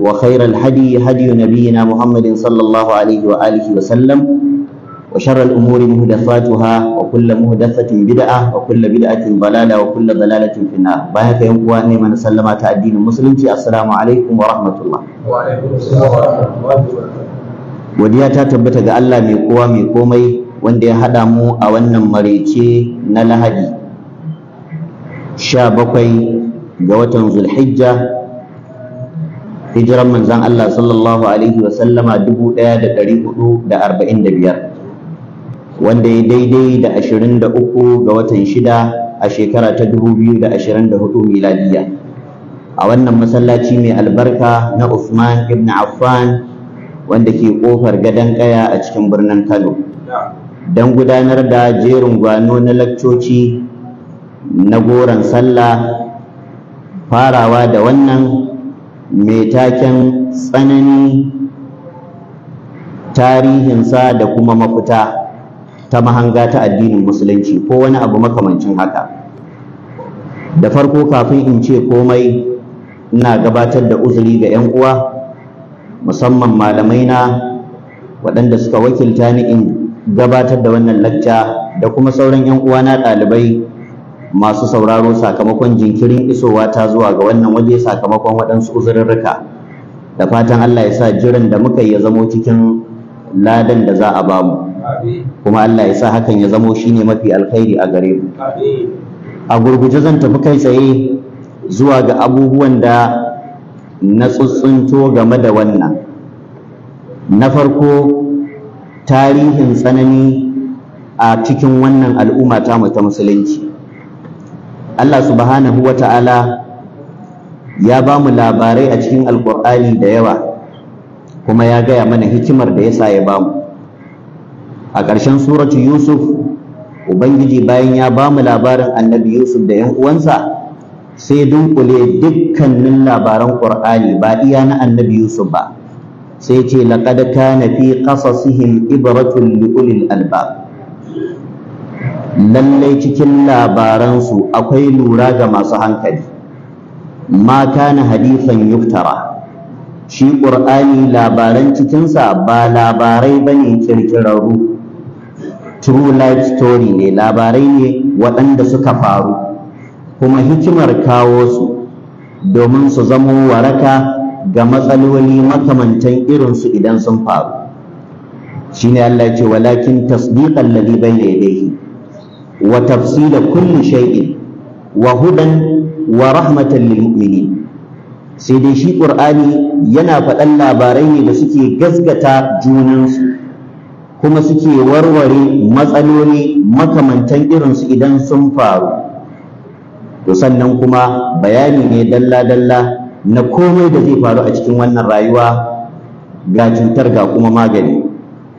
وخير الهدي هدي نبينا محمد صلى الله عليه وآله وسلم وشر الأمور مهدفاتها وكل مهدفة بدعة وكل بدعة ضلالة وكل ضلالة في النار باهك يوم قواني من سلم الدين المسلم السلام عليكم ورحمة الله وعليكم السلام ورحمة الله godiya ta tabbata ga Allah mai kowa mai komai wanda ya haɗa mu a wannan marece na lahadi 17 ga watan zulhijja hijiran manzan Allah sallallahu alaihi arba'in da biyar, wanda ya daidai da uku ga watan shida a shekara ta hudu miladiya a wannan masallaci mai albarka na Usman ibn Affan wanda ke kofar gadon ƙaya a cikin birnin Kano don gudanar da jerin gwano na lakcoci na goron sallah farawa da wannan mai taken tsanani tarihinsa da kuma mafita ta mahanga ta addinin musulunci ko wani abu makamancin haka da farko kafin in ce komai ina gabatar da uzuri ga 'yan uwa musamman malamai na waɗanda suka wakilta ni in gabatar da wannan lacca da kuma sauran 'yan uwa na ɗalibai masu sauraro sakamakon jinkirin isowa ta zuwa ga wannan waje sakamakon waɗansu uzurrurruka da fatan Allah ya sa jiran da muka yi ya zamo cikin ladan da za a ba mu kuma Allah ya sa hakan ya zamo shine mafi alkhairi a gare mu a gurguje zan tafi kai tsaye zuwa ga abubuwan da na tsuntsunto game da wannan na farko tarihin tsanani a cikin wannan al'umma ta musulunci Allah subhanahu wa ta'ala ya ba mu labarai a cikin alƙur'ani da yawa kuma ya gaya mana hikimar da ya sa ya ba mu a ƙarshen suratu yusuf ubangiji bayan ya ba mu labarin annabi yusuf da yan uwansa sai dunkule dukkanin labaran ƙur'ani ba iya na annabi yusuf ba sai ce laƙadaka na fi ƙasa ibratun li ulil albab lallai cikin labaransu akwai lura ga masu hankali ma kana hadisan yuftara shi ƙur'ani labaran cikinsa ba labarai ba ne true life story ne labarai ne waɗanda suka faru kuma hikimar kawo su domin su zamo waraka ga matsaloli makamantan irinsu idan sun faru shine Allah ce walakin tasdiqan ladhi ne wa tafsila kulli shay'in wa hudan wa rahmatan sai dai shi ƙur'ani yana faɗan labarai ne da suke gaskata junansu kuma suke warware matsaloli makamantan irinsu idan sun faru to sannan kuma bayani ne dalla-dalla na komai da zai faru a cikin wannan rayuwa ga cutar ga kuma magani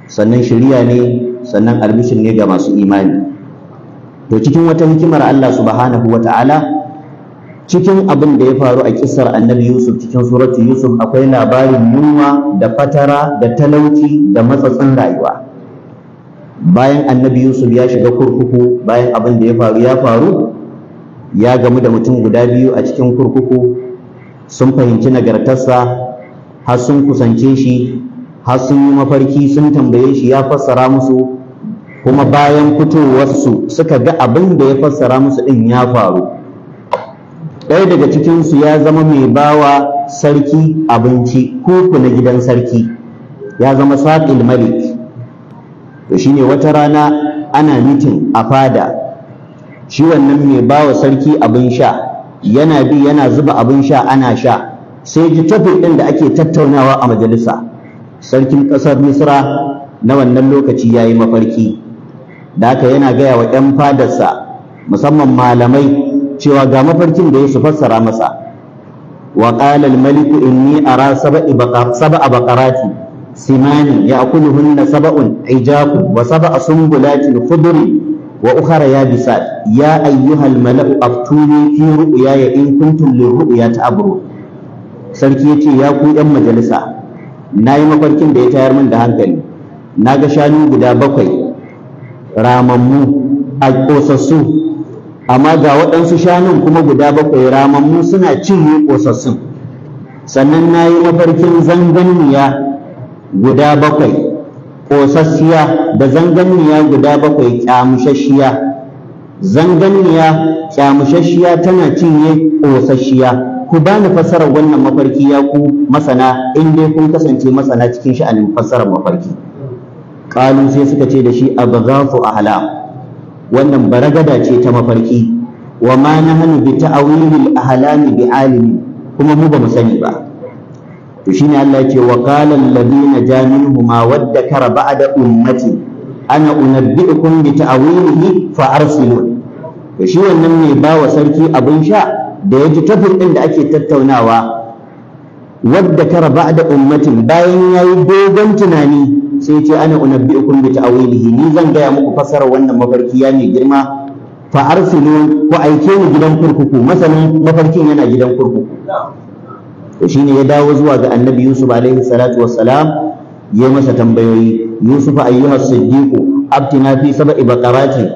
sannan shirya ne sannan albishin ne ga masu imani to cikin wata hikimar Allah subhanahu wa ta'ala cikin abin da ya faru a kisar annabi Yusuf cikin suratu Yusuf akwai labarin yunwa da fatara da talauci da matsatsin rayuwa bayan annabi Yusuf ya shiga kurkuku bayan abin da ya faru ya faru ya gamu da mutum guda biyu a cikin kurkuku sun fahimci nagartarsa har sun kusance shi har sun yi mafarki sun tambaye shi ya fassara musu kuma bayan fitowarsu suka ga abin da ya fassara musu ɗin ya faru ɗaya daga cikinsu ya zama mai bawa sarki abinci kuku na gidan sarki ya zama saƙil malik to shine wata rana ana mitin a fada shi wannan mai bawa sarki abin sha yana bi yana zuba abin sha ana sha sai ji tafi ɗin da ake tattaunawa a majalisa sarkin ƙasar misra na wannan lokaci ya yi mafarki da haka yana gaya wa 'yan fadarsa musamman malamai cewa ga mafarkin da ya su fassara masa wa qala al-malik inni ara sab'a baqar sab'a baqarati simani ya'kuluhunna sab'un ijaku wa sab'a sumbulatin khudri wa ukhra yabisat ya ayyuhal mala'u aftuni fi ru'yaya in kuntum lirru'ya ta'buru sarki yace ya ku yan majalisa nayi mafarkin da ya tayar min da hankali naga shanu guda bakwai ramammu a ƙosassu amma ga waɗansu shanun kuma guda bakwai ramammu suna cinye ƙosassun sannan na yi mafarkin zanganniya guda bakwai ƙosassiya da zanganniya guda bakwai ƙyamushashiya zanganniya ƙyamushashiya tana cinye ƙosasshiya ku ba ni fassarar wannan mafarki ya ku masana in dai kun kasance masana cikin sha'anin fassarar mafarki qalu sai suka ce da shi abghafu ahlam wannan baragada ce ta mafarki wa ma nahnu bi ta'wilil ahlam bi alimi kuma mu bamu sani ba to shine Allah yake wa qala alladhina jaminhuma waddakara ba'da ummati ana unabbi'ukum bi ta'wilihi fa arsilun to shi wannan ne ba sarki abin sha da ya yaji tafin din da ake tattaunawa wadda ka rabaa da ummatin bayan yayi dogon tunani sai ce ana unabbi'ukum bi ta'wilihi ni zan gaya muku fasara wannan mafarki ya mai girma fa arsilu ku aike ni gidan kurkuku masalan mafarkin yana gidan kurkuku to shine ya dawo zuwa ga annabi yusuf alaihi salatu wassalam ya masa tambayoyi yusuf ayyuha siddiqu أبتنا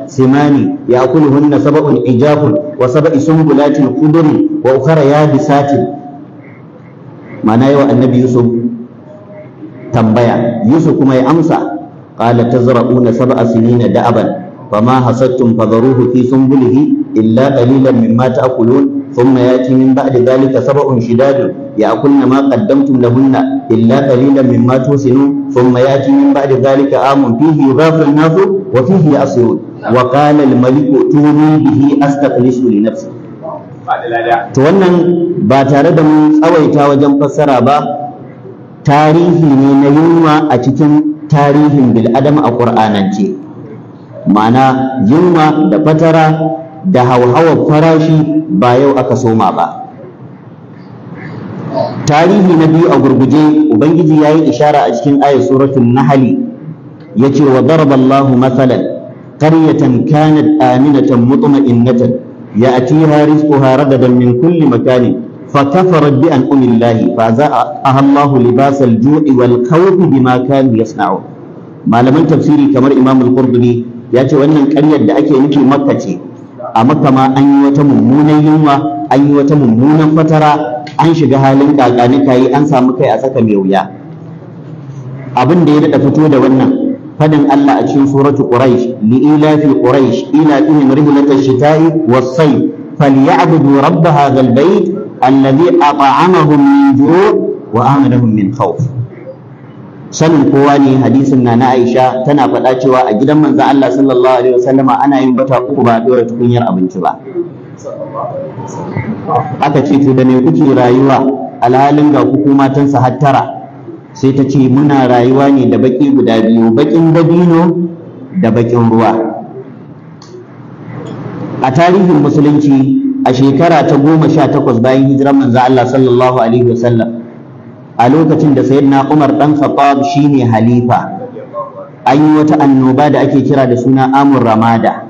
Simani, ya'kuluhunna sab'un سمان wa sab'i sumbulatin وسبع wa ukhra yabisatin Ma'ana yawa annabi Yusuf. tambaya Yusuf kuma ya amsa qala tazra'una sab'a sinina da'aban Fa fama hasadtum fadharuhu fi sunbulihi illa qalilan mimma ta'kulun thumma yati min ba'di dhalika sab'un shidadun ya'kulna ma qaddamtum lahunna illa qalilan mimma tusinun thumma yati min ba'di dhalika amun fihi yughafu an-nasu wa fihi yasirun wa qala al-maliku tuni bihi astakhlisu li nafsi to wannan ba tare da mu tsawaita wajen fassara ba tarihi ne na yunwa a cikin tarihin bil'adam a ƙur'anance ma'ana yunwa da fatara da hauhawar farashi ba yau aka soma ba tarihi na biyu a gurguje ubangiji ya yi ishara a cikin ayat suratul nahali ya ce wa daraballahu mathalan qaryatan kanat aminatan mutma'innatan ya'tiha rizquha ragadan min kulli makanin فكفر بأنعم الله فأذاقها الله لباس الجوع والخوف بما كانوا يصنعون malaman tafsiri kamar Imam Al-Qurtubi ya ce wannan ƙaryar da ake nufi Makka ce a Makka ma an yi wata mummunan yunwa an yi wata mummunan fatara an shiga halin kakani kayi an samu kai a saka mai wuya abin da ya daɗa fito da wannan fadin Allah a cikin suratu Quraysh li ilafi Quraysh ila ihim rihlatash shita'i was-sayf falyabudu rabb hadha al-bayt allazi at'amahum min ju' wa amanahum min khawf sanin kowa ne hadisin na na Aisha tana faɗa cewa a gidan manza Allah sallallahu alaihi wasallama ana yin bata uku ba dora tukunyar abinci ba aka ce to da me kuke rayuwa alhalin ga ku matansa har tara sai ta ce muna rayuwa ne da baki guda biyu bakin dabino da bakin ruwa a tarihin musulunci a shekara ta goma sha takwas bayan hijirar manzo Allah sallallahu alaihi wasallam a lokacin da sayyidina Umar dan Khattab shine halifa an yi wata annoba da ake kira da suna amur ramada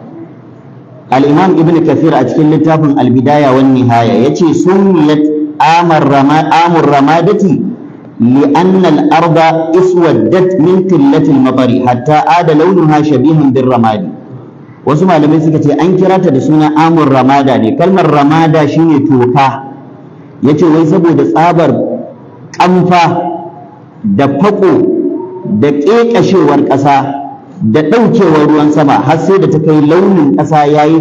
al-imam ibn kathir a cikin littafin al-bidaya wan nihaya yace sunnat amur ramada amur ramadati لأن الأرض اسودت من قلة المطر حتى عاد لونها شبيها بالرماد wasu malamai suka ce an kira ta da suna amur ramada ne kalmar ramada shine toka yace wai saboda tsabar kamfa da fako da ƙeƙashewar ƙasa da ɗaukewar ruwan sama har sai da ta kai launin ƙasa ya yi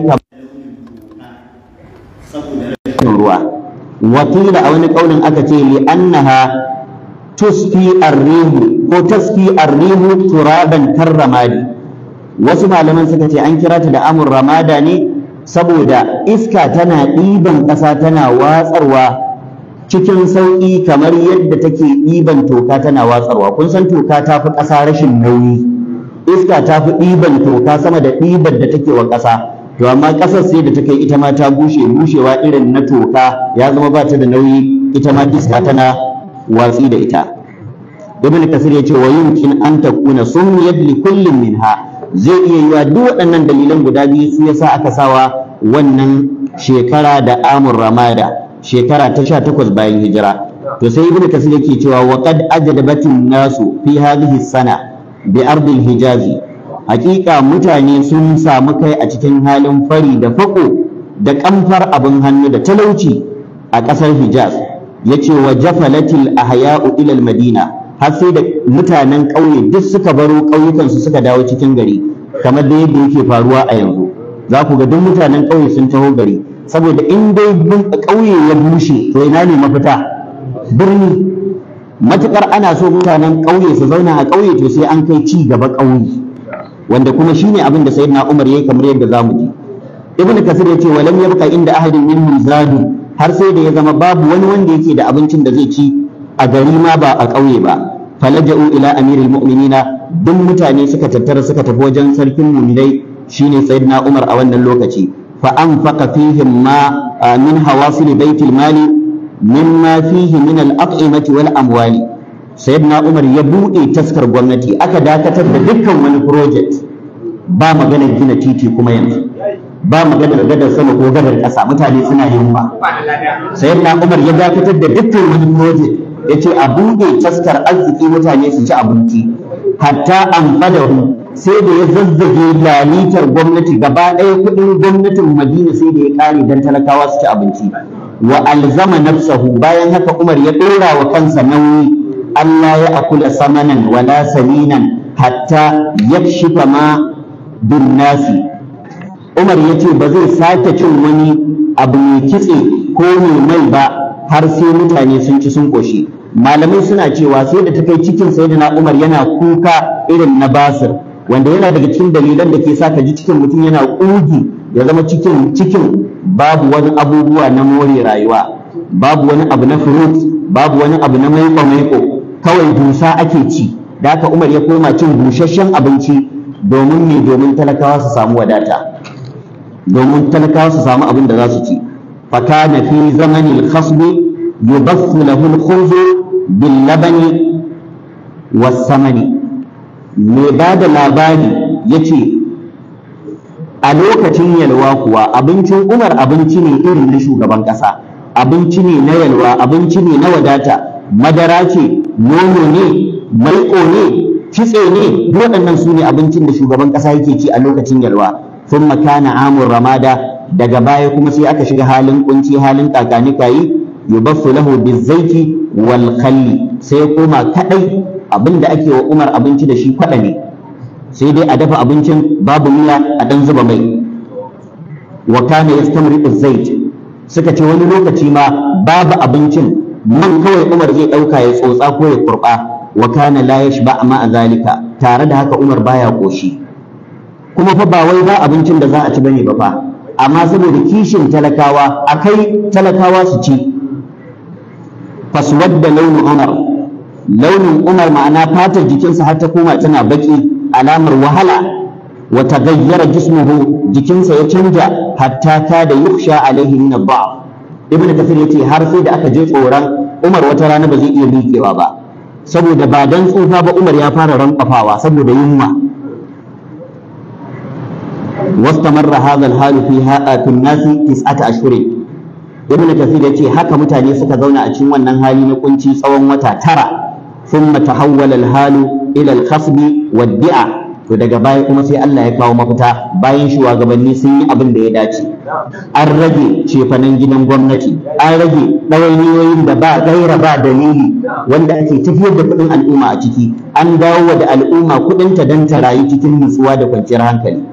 ruwa wakila a wani ƙaunin aka ce li annaha tusfi arrihu ko tasfi arrihu turaban karramadi wasu malaman suka ce an kira ta da amur ramada ne saboda iska tana ɗiban ƙasa tana watsarwa cikin sauƙi kamar yadda take ɗiban toka tana watsarwa kun san toka ta fi ƙasa rashin nauyi iska ta fi ɗiban toka sama da ɗiban da take wa ƙasa to amma ƙasar sai da take ita ma ta bushe bushewa irin na toka ya zama ba ta da nauyi ita ma iska tana watsi da ita ibn kasir ya ce wa yumkin an takuna sumiyat li kullin minha zai iya yiwa duk waɗannan dalilan guda biyu su yasa aka sawa wannan shekara da amur ramada shekara ta sha takwas bayan hijira to sai ibnu kasir yake cewa wa qad ajdabatin nasu fi hadhihi sana bi ardil hijazi hakika mutane sun samu kai a cikin halin fari da fako da kamfar abin hannu da talauci a ƙasar hijaz yace wa jafalatil ahya'u ila al madina har sai da mutanen ƙauye duk suka baro su suka dawo cikin gari kamar da yadda yake faruwa a yanzu za ku ga duk mutanen ƙauye sun taho gari saboda in dai ƙauye ya bushe to ina ne mafita birni matukar ana so mutanen ƙauye su zauna a ƙauye to sai an kai ci gaba ƙauye wanda kuma shine abin da sayyidina Umar yayi kamar yadda zamu ji ibn kasir yace walam yabqa inda ahadin min zadu har sai da ya zama babu wani wanda yake da abincin da zai ci a gari ma ba a ƙauye ba falaja'u ila amiril mu'minina duk mutane suka tattara suka tafi wajen sarkin mu'minai shine sayyidina Umar a wannan lokaci fa anfaqa fihim ma min hawasil baitil mali mimma fihi min al-at'imati wal amwali sayyidina Umar ya bude taskar gwamnati aka dakatar da dukkan wani project ba magana gina titi kuma yanzu ba maganar gadar sama ko gadar ƙasa mutane suna yunwa sayyidina Umar ya dakatar da dukkan wani project yace a buɗe taskar arziki mutane su ci abinci hatta an fadahu sai da ya zazzage lalitar gwamnati gaba ɗaya kuɗin gwamnatin madina sai da ya ƙare dan talakawa su ci abinci wa alzama nafsahu bayan haka umar ya ɗora wa kansa nauyi allah ya akula samanan wala salinan hatta yakshifa ma bin nasi umar ya ce ba zai sake cin wani abu mai kitse ko mai mai ba har sai mutane sun ci sun koshi malamai suna cewa sai da ta kai cikin sayyidina Umar yana kuka irin na Basir wanda yana daga cikin dalilan da ke sa ka ji cikin mutum yana ƙugi ya zama cikin cikin babu wani abubuwa na more rayuwa babu wani abu na fruit babu wani abu na maiko maiko kawai dusa ake ci da haka Umar ya koma cin busasshen abinci domin ne domin talakawa su samu wadata domin talakawa su samu abin da za su ci فكان في زمن الخصب يبث له الخبز باللبن والسمن mai ba da labari ya ce a lokacin yalwa kuwa abincin umar abinci ne irin na shugaban ƙasa abinci ne na yalwa abinci ne na wadata madara ce nono ne maiƙo ne kitse ne waɗannan su ne abincin da shugaban ƙasa yake ci a lokacin yalwa sun makana amur ramada daga baya kuma sai aka shiga halin kunci halin kakani kayi yubassu lahu bizzaiti wal khalli sai koma kadai abinda ake wa Umar abinci da shi kwada ne sai dai a dafa abincin babu miya a dan zuba mai wa kana yastamri zait suka ce wani lokaci ma babu abincin man kawai Umar zai dauka ya tsotsa ko ya kurba wa kana la yashba ma azalika tare da haka Umar baya koshi kuma fa ba wai ba abincin da za a ci bane ba fa amma saboda kishin talakawa akai talakawa su ci faswadda launin umar launin umar ma'ana fatar jikinsa har ta koma tana baki alamar wahala wa gayyara jismuhu jikinsa ya canja hatta ka da yuksha alaihi min ba ibnu kafir yace har sai da aka je tsoron umar wata rana ba zai iya miƙewa ba saboda ba dan tsufa ba umar ya fara rankwafawa saboda yunwa واستمر هذا الحال فيها في الناس تسعة أشهر ابن كثير يتي haka mutane suka zauna a cikin wannan hali na kunci tsawon wata tara ثم تحول الحال إلى الخصب والدعاء to daga baya kuma sai Allah ya kawo mafita bayan shugabanni sun yi abin da ya dace an rage cefanen gidan gwamnati an rage ɗawainiyoyin da ba gaira ba dalili wanda ake tafiyar da kuɗin al'umma a ciki an dawo da al'umma kuɗinta don ta rayu cikin nutsuwa da kwanciyar hankali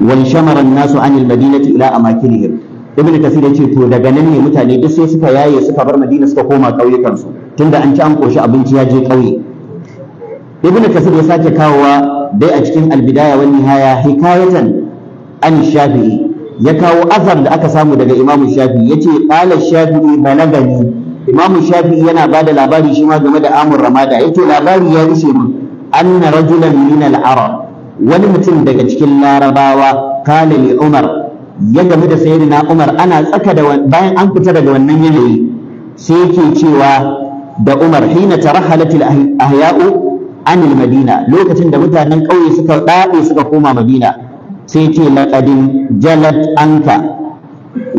wan shamara nasu anil madinati ila amakinihim ibnu kasir yace to daga nan ne mutane duk sai suka yaye suka bar madina suka koma ƙauyukan su tunda an ci an koshi abinci ya je ƙauye ibnu kasir ya sake kawowa dai a cikin al-bidaya wal nihaya hikayatan an shafi'i ya kawo azar da aka samu daga imamu shafi'i yace qala shafi'i balagani imamu shafi'i yana bada labari shi ma game da amur ramada yace labari ya rishe mu. anna rajulan min al-arab wani mutum daga cikin larabawa kale li umar ya gamu da sayyidina umar ana tsaka da bayan an fita daga wannan yanayi sai yake cewa da umar hina tarahalat al ahya'u an al madina lokacin da mutanen ƙauye suka dade suka koma madina sai ce laqadin jalat anka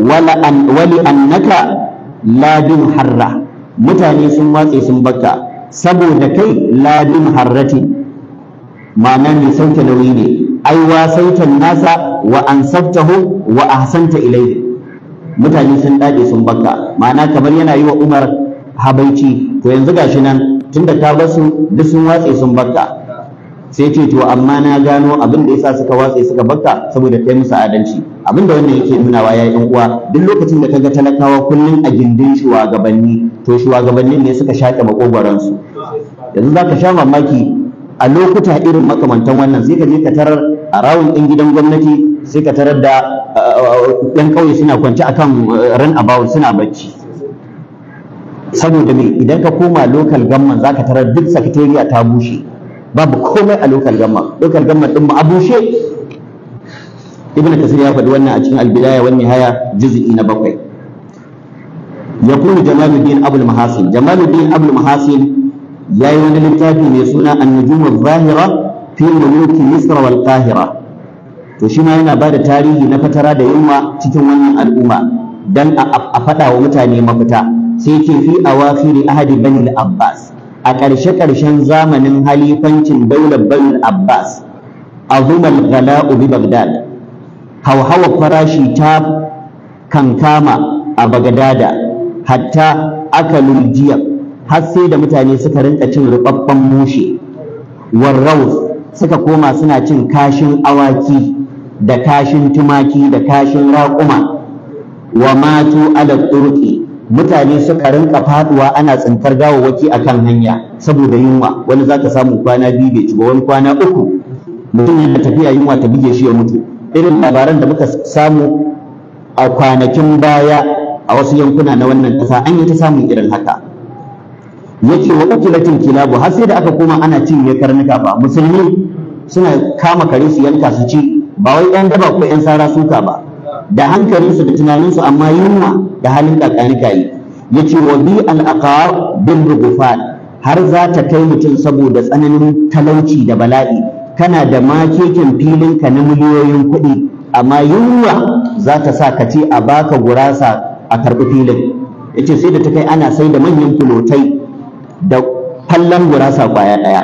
wala an wali annaka ladin harra mutane sun watse sun bakka saboda kai ladin harrati Mana mai sauke nauyi ne ai wa sautan nasa wa an ansabtahu wa ahsanta ilayhi mutane sun dade sun bakka ma'ana kamar yana yi wa Umar habaici to yanzu gashi nan tunda ta basu duk sun watse sun bakka sai ce to amma na gano abin da yasa suka watse suka bakka saboda kai musu adalci abin da wannan yake nunawa ya yan uwa duk lokacin da kaga talakawa kullun a gindin shugabanni to shugabannin ne suka shaƙe makogwaransu yanzu zaka sha mamaki a lokuta irin makamantan wannan sai ka je ka tarar a rawun ɗin gidan gwamnati sai ka tarar da ɗan ƙauye suna kwance akan uh, ran about suna bacci saboda me idan ka koma local gamman za ka tarar duk sakatariya ta bushe babu komai a local gamman local gamman ɗin ma a bushe ibn kasir ya faɗi wannan a cikin albidaya wan nihaya juz'i na bakwai yakunu jamaluddin abul mahasin jamaluddin abul mahasin Ya yi wani littafi mai suna an zahira fi mulki misra wal qahira to shi ma yana bada tarihi na fatara da yunwa cikin wannan al'umma dan a faɗawa wa mutane mafita sai ke fi awafiri ahadi bani abbas a ƙarshe ƙarshen zamanin halifancin daular bani abbas azumal gala'u bi bagdad hauhawar farashi ta kankama a bagdada hatta akalul jiyar har sai da mutane suka rinka cin rubabban mushe warraus suka koma suna cin kashin awaki da kashin tumaki da kashin raƙuma wa matu ala turqi mutane suka rinka faduwa ana tsintar waki akan hanya saboda yunwa wani zaka samu kwana biyu bai ci ba wani kwana uku mutum yana tafiya yunwa ta bige shi ya mutu irin labaran da muka samu a kwanakin baya a wasu yankuna na wannan kasa an yi ta samun irin haka yace wa cin kilabu har sai da aka koma ana cin cinye karnuka ba musulmi suna kama kare su yanka su ci ba wai yan daba ko yan sara suka ba da hankalinsu da tunaninsu amma yunwa da halin kakanika yi yace wa bi al bin bil har za ta kai mutum saboda tsananin talauci da bala'i kana da makekin ka na miliyoyin kuɗi amma yunwa za ta sa ka ce a baka gurasa a karɓi filin yace sai da ta kai ana sai da manyan kulotai. da kallon gurasa kwaya ɗaya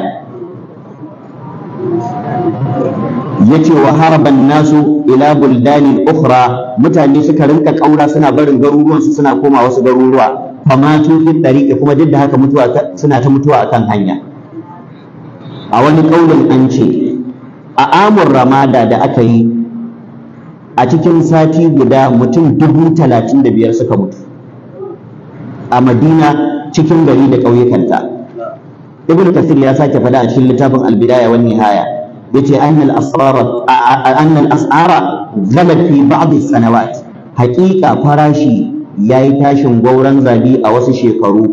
ya ce wa haraban nasu ila buldani ukhra mutane suka rinka ƙaura suna barin garuruwansu suna koma wasu garuruwa famatu fi tariqi kuma duk da haka suna ta mutuwa a kan hanya a wani ƙaunin an ce a amur ramada da aka yi a cikin sati guda mutum dubu talatin da biyar suka mutu a madina cikin gari da ƙauyukanta ibn kasir ya sake faɗa a cikin littafin albidaya wan nihaya yace annal asara annal asara zala fi ba'd sanawat haƙiƙa farashi yayi tashin gauran zabi a wasu shekaru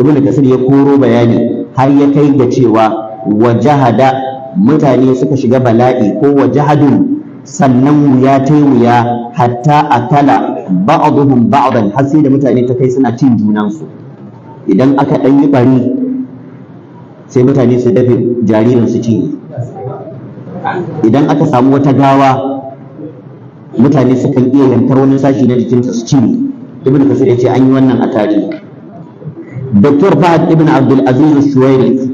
ibn kasir ya koro bayani har ya kai ga cewa wajahada mutane suka shiga bala'i ko wajahadun sannan wuya ta wuya hatta akala ba'dhum ba'dan har sai da mutane ta kai suna cin junansu idan aka ɗan yi ɓari sai mutane su dafe jaririn su cinye idan aka samu wata gawa mutane sukan iya yantar wani sashi na jikinsa su cinye ibn kasir ya ce an yi wannan a tarihi Dr. Fahad ibn Abdul Aziz Shuwairi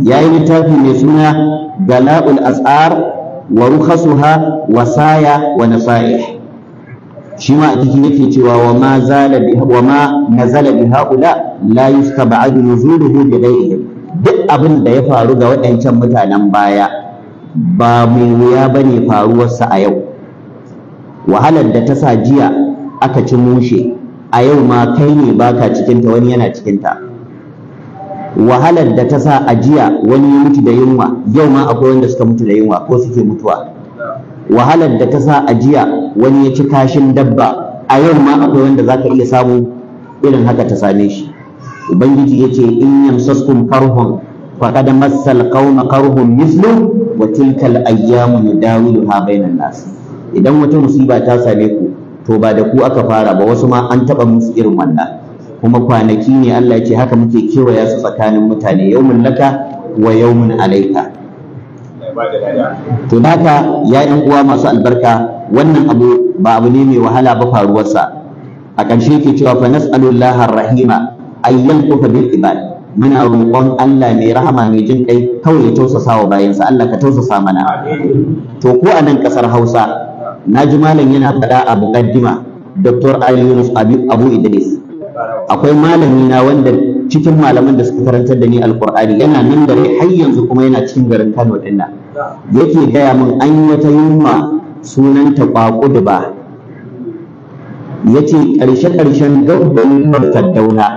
ya yi littafi mai suna Gala'ul As'ar wa rukhasuha wa saya wa nasaih shi ma a cikin yake cewa wa ma zala wa ma nazala bi haula la yustaba'adu nuzuluhu bi duk abin da ya faru ga waɗancan mutanen baya ba mai wuya bane faruwarsa a yau wahalar da ta sa jiya aka ci mushe a yau ma kai ne baka cikinta wani yana cikinta wahalar da ta sa a jiya wani ya mutu da yunwa yau ma akwai wanda suka mutu da yunwa ko suke mutuwa wahalar da ta sa a jiya wani ya ci kashin dabba a yau ma akwai wanda za ka iya samu irin haka ta same shi ubangiji yace in yamsaskum karhun faqad massal qauma karhun mislu wa tilka al ayyamu nadawiluha bainan nas idan wata musiba ta same ku to ba da ku aka fara ba wasu ma an taɓa musu irin wannan kuma kwanaki ne Allah ya ce haka muke kewaya su tsakanin mutane yaumun laka wa yau mun alaika to haka ya yan uwa masu albarka wannan abu ba abu ne mai wahala ba faruwarsa a ƙarshe ke cewa fa ar rahima ayyan kufa bil ibad muna roƙon Allah mai rahama mai jin kai kawai ya tausasa wa bayansa Allah ka tausasa mana to ko a nan ƙasar Hausa na ji malam yana faɗa a muqaddima Dr. Ali Yunus Abu Idris akwai malami na wanda cikin malaman da suka karantar da ni alqur'ani yana nan da rai har yanzu kuma yana cikin garin Kano dinnan yake gaya min an yi wata yunwa sunanta da ba ya ce ƙarshe-ƙarshen dabbar dauna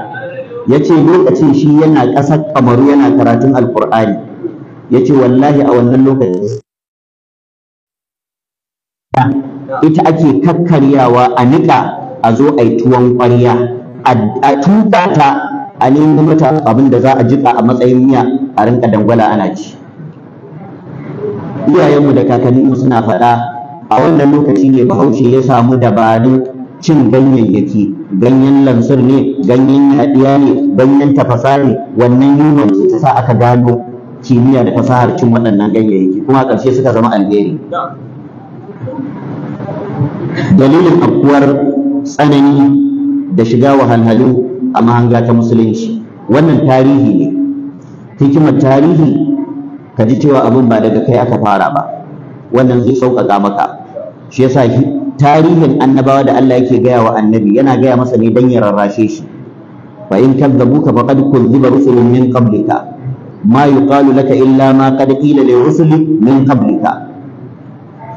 ya ce lokacin shi yana ƙasar kamaru yana karatun alƙur'ani ya ce wallahi a wannan lokacin ita ake kakkaryawa a niƙa a zo a yi tuwon ƙwarya a tuƙata, ta a nemi mata abin da za a jiƙa a matsayin miya a rinka dangwala ana ci iyayenmu da kakanni suna faɗa a wannan lokaci ne bahaushe ya samu dabarun cin ganyayyaki ganyen lamsir ne ganyen yaɗiya ne ganyen tafasa ne wannan yunwan ce ta sa aka gano kimiyya da fasahar cin waɗannan ganyayyaki kuma a ƙarshe suka zama alheri dalilin afkuwar tsanani da shiga wahalhalu a mahanga ta musulunci wannan tarihi ne hikimar tarihi ka ji cewa abin ba daga kai aka fara ba wannan zai sauƙaƙa maka shi yasa tarihin annabawa da Allah yake gaya wa annabi yana gaya masa ne dan ya rarrashe shi fa in kadzabuka faqad kunziba rusulun min qablika ma yuqalu laka illa ma qad qila li rusuli min qablika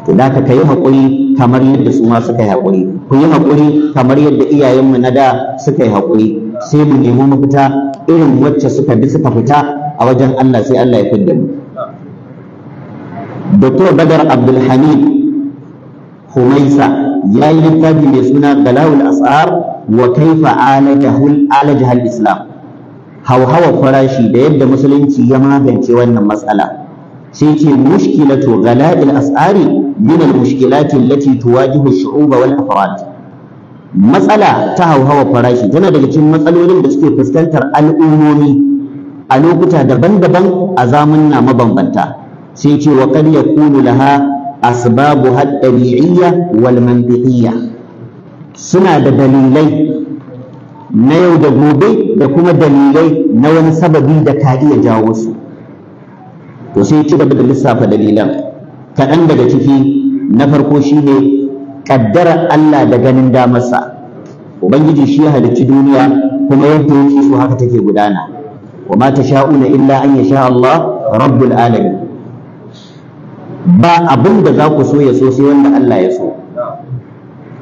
to da ka kai hakuri kamar yadda su ma suka yi hakuri ku yi hakuri kamar yadda iyayenmu na da suka yi hakuri sai mu nemi mafita irin wacce suka bi suka fita a wajen Allah sai Allah ya fidda mu Dr. Badar Abdulhamid Humaisa ya yi littafi mai suna Galawul As'ar wa kaifa alajahal Islam hauhawa farashi da yadda musulunci ya magance wannan matsala sai ce mushkilatu gala'il as'ari min al-mushkilati allati tuwajihu shu'uba wal afrad matsala ta hauhawa farashi tana daga cikin matsalolin da suke fuskantar al'ummomi a lokuta daban-daban a zamunna mabambanta sai ce wa qad yakunu laha asbabu had dabi'iyya wal mantiqiyya suna da dalilai na yau da gobe da kuma dalilai na wani sababi da ka iya jawo su to sai ci gaba da lissafa dalilan kaɗan daga ciki na farko shine ƙaddarar Allah da ganin damarsa ubangiji shi ya halicci duniya kuma yadda yake so haka take gudana wa Sha'una illa an yasha Allah rabbul ba abin da za ku so ya so sai wanda Allah ya so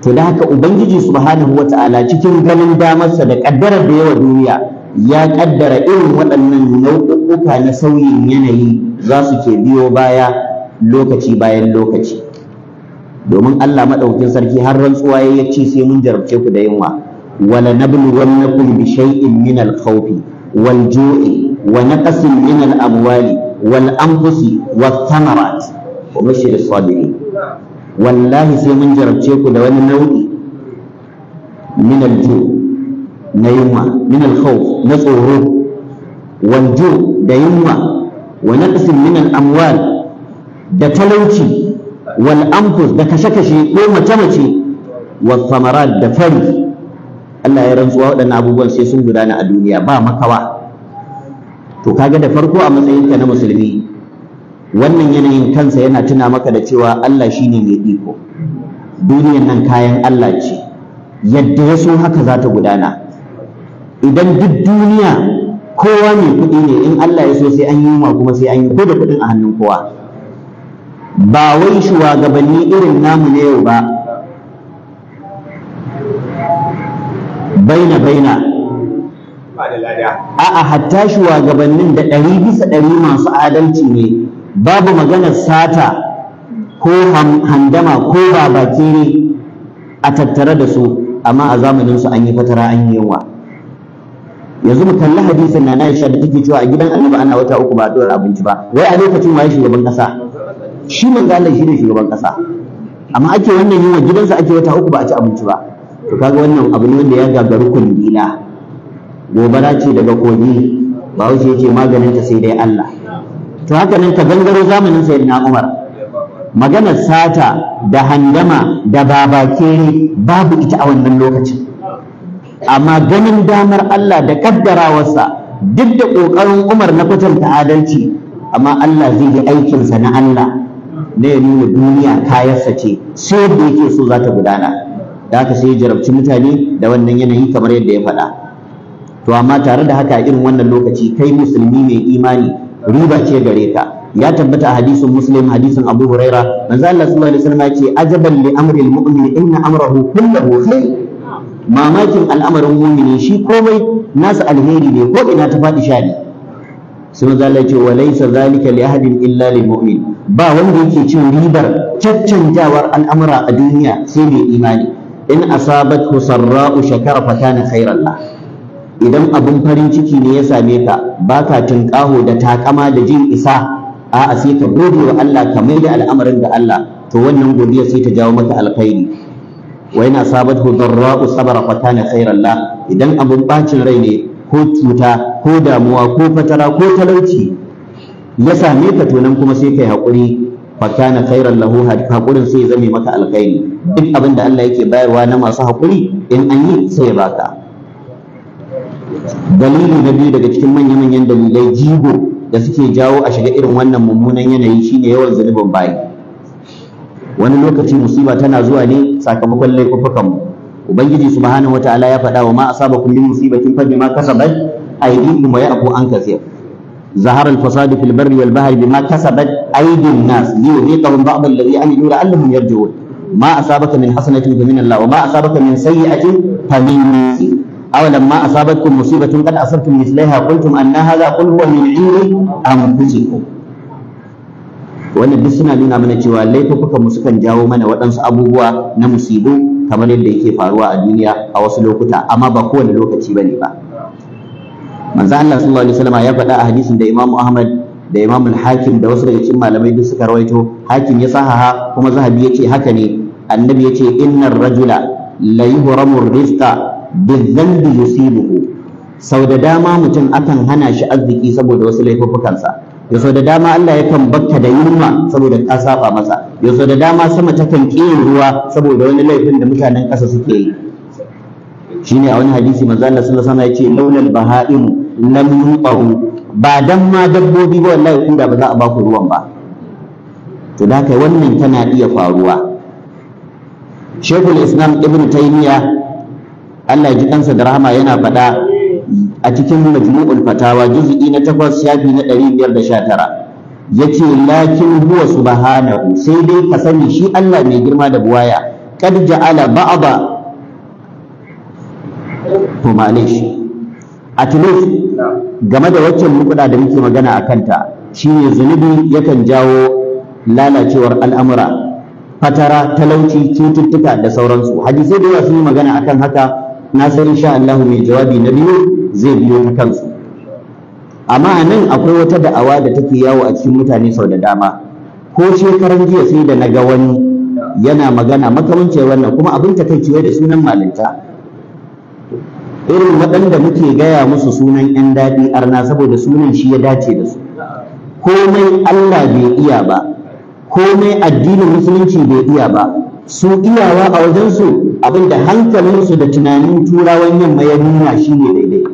to da haka ubangiji subhanahu wata'ala cikin ganin damarsa da kaddarar da yawa duniya ya kaddara irin waɗannan nau'uka na sauyin yanayi za su ke biyo baya lokaci bayan lokaci domin Allah maɗaukin sarki har rantsuwa ya ce sai mun jarabce ku da yunwa wala wannakum bi shay'in min al-khawfi wal ju'i wa naqsin min al-amwali wal anfusi wath thamarat wa bashir wallahi sai mun jarabce ku da wani nau'i min ju na yunwa min alkhawf na tsoro wanju da yunwa wa naqsin min amwal da talauci wal anfus da kashe-kashe ko mace-mace wa samarat da fari Allah ya rantsuwa waɗannan abubuwan sai sun gudana a duniya ba makawa to kaga da farko a matsayinka na musulmi wannan yanayin kansa yana tuna maka da cewa Allah shi ne mai iko duniyan nan kayan Allah ce yadda ya so haka za ta gudana idan duk duniya kowa mai kuɗi ne in Allah ya so sai an yi ma kuma sai an yi da kuɗin a hannun kowa ba wai shugabanni irin namu na yau ba baina baina a'a hatta shugabannin da ɗari bisa ɗari masu adalci ne babu maganar sata ko handama ko babakere a tattare da su amma a zamanin su an yi fatara an yi yawa yanzu mu kalli hadisin na Aisha da take cewa a gidan Annabi ana wata uku ba a abinci ba wai a lokacin waye shugaban kasa shi manzo Allah shi ne shugaban kasa amma ake wannan yiwa gidansa ake wata uku ba a ci abinci ba to kaga wannan abu ne wanda ya gagaru dina gobara ce daga kogi ba wuce ce maganin ta sai dai Allah to haka nan ka gangaro zamanin sayyidina Umar maganar sata da handama da babakere babu ita a wannan lokacin amma ganin damar Allah da kaddarawarsa duk da ƙoƙarin Umar na kwatanta adalci amma Allah zai yi aikinsa na Allah na ya nuna duniya kayarsa ce sai yadda yake so za ta gudana da haka sai jarabci mutane da wannan yanayi kamar yadda ya faɗa to amma tare da haka irin wannan lokaci kai musulmi mai imani riba ce gare ka ya tabbata a hadisin muslim hadisin abu huraira manzo Allah sallallahu alaihi wasallam yace ajaban li amri almu'min inna amrahu kullahu khair mamakin al'amarin mu'mini shi komai nasa alheri ne ko ina ta faɗi shani sai manzo Allah yace wa laysa zalika li ahadin illa lil mu'min ba wanda yake cin ribar caccanjawar al'amura a duniya sai mai imani in asabathu sarra'u shakara fa kana khairan lahu idan abin farin ciki ne ya same ka ba ka tunƙaho da taƙama da jin isa a'a sai ka gode wa Allah ka mai da al'amarin da Allah to wannan godiya sai ta jawo maka alkhairi wa yana sabathu darra'u sabara fa kana khairan la idan abin bacin rai ne ko cuta ko damuwa ko fatara ko talauci ya same ka to kuma sai kai hakuri fa kana khairan lahu hakurin sai ya zame maka alkhairi duk abin da Allah yake bayarwa na masu hakuri in an yi sai ya baka dalili na biyu daga cikin manya-manyan dalilai jigo da suke jawo a shiga irin wannan mummunan yanayi shine yawan zunubin bayi wani lokaci musiba tana zuwa ne sakamakon laifukanmu. ubangiji subhanahu wataala ya faɗa wa ma asabakum min musibatin fa bima kasabat aydikum wa ya'fu an kaseer zahara al-fasad fil barri wal bahri bima kasabat aydin nas liyuhiqahum ba'd alladhi amilu la'allahum yarji'un ma asabaka min hasanatin fa min Allah wa ma asabaka min sayyi'atin fa min nafsik awalan ma asabatkum musibatun qad asabtum mislaiha qultum anna hadha qul huwa min indi anfusikum wannan duk suna nuna mana cewa laifukan mu sukan jawo mana waɗansu abubuwa na musibu kamar yadda yake faruwa a duniya a wasu lokuta amma ba kowane lokaci bane ba manzo Allah sallallahu alaihi wasallam ya faɗa a hadisin da Imam Ahmad da Imam al-Hakim da wasu daga cikin malamai duk suka rawaito Hakim ya sahaha kuma Zahabi yace haka ne annabi yace innar rajula la yuhramu rizqa bizanbi yusibuhu sau da dama mutum akan hana shi arziki saboda wasu laifuffukansa ya sau da dama Allah yakan bakka da yunwa saboda ka saba masa ya sau da dama sama takan yin ruwa saboda wani laifin da mutanen ƙasa suke yi shine a wani hadisi manzo Allah sallallahu alaihi ya ce laulal baha'im lam yunqahu ba dan ma dabbobi ba wallahi inda ba za a baku ruwan ba to da kai wannan tana iya faruwa Sheikhul Islam Ibn Taymiyyah Allah ji ɗansa da rahama yana faɗa a cikin majmu'ul fatawa juz'i na 8 shafi na 519 yace lakin huwa subhanahu sai dai ka sani shi Allah mai girma da buwaya kad ja'ala ba'da to malish game da waccan mukuda da muke magana a kanta shine zunubi yakan jawo lalacewar al'amura fatara talauci cututtuka da sauransu hadisai da yawa sun yi magana akan haka na san insha Allah mai jawabi na biyu zai biyo ta kansu amma a nan akwai wata da'awa da take yawo a cikin mutane sau da dama ko shekaran jiya sai da na ga wani yana magana makamancin wannan kuma abin ta takaici da sunan malinta irin waɗanda muke gaya musu sunan 'yan daɗi arna saboda sunan shi ya dace da su komai Allah bai iya ba komai addinin musulunci bai iya ba su iyawa a wajensu abinda hankalinsu da tunanin turawan yamma ya nuna shi daidai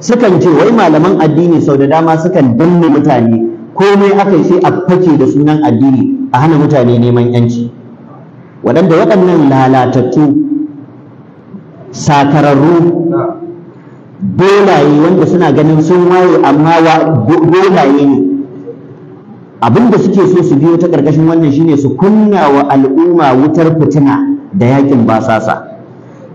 sukan ce wai malaman addini sau da dama sukan danne mutane komai aka yi sai a fake da sunan addini a hana mutane neman yanci waɗanda waɗannan lalatattu sakararru bolaye wanda suna ganin sun waye amma bolaye ne abin da suke so su biyo ta ƙarƙashin wannan shine su kunna wa al'umma wutar fitina da yakin basasa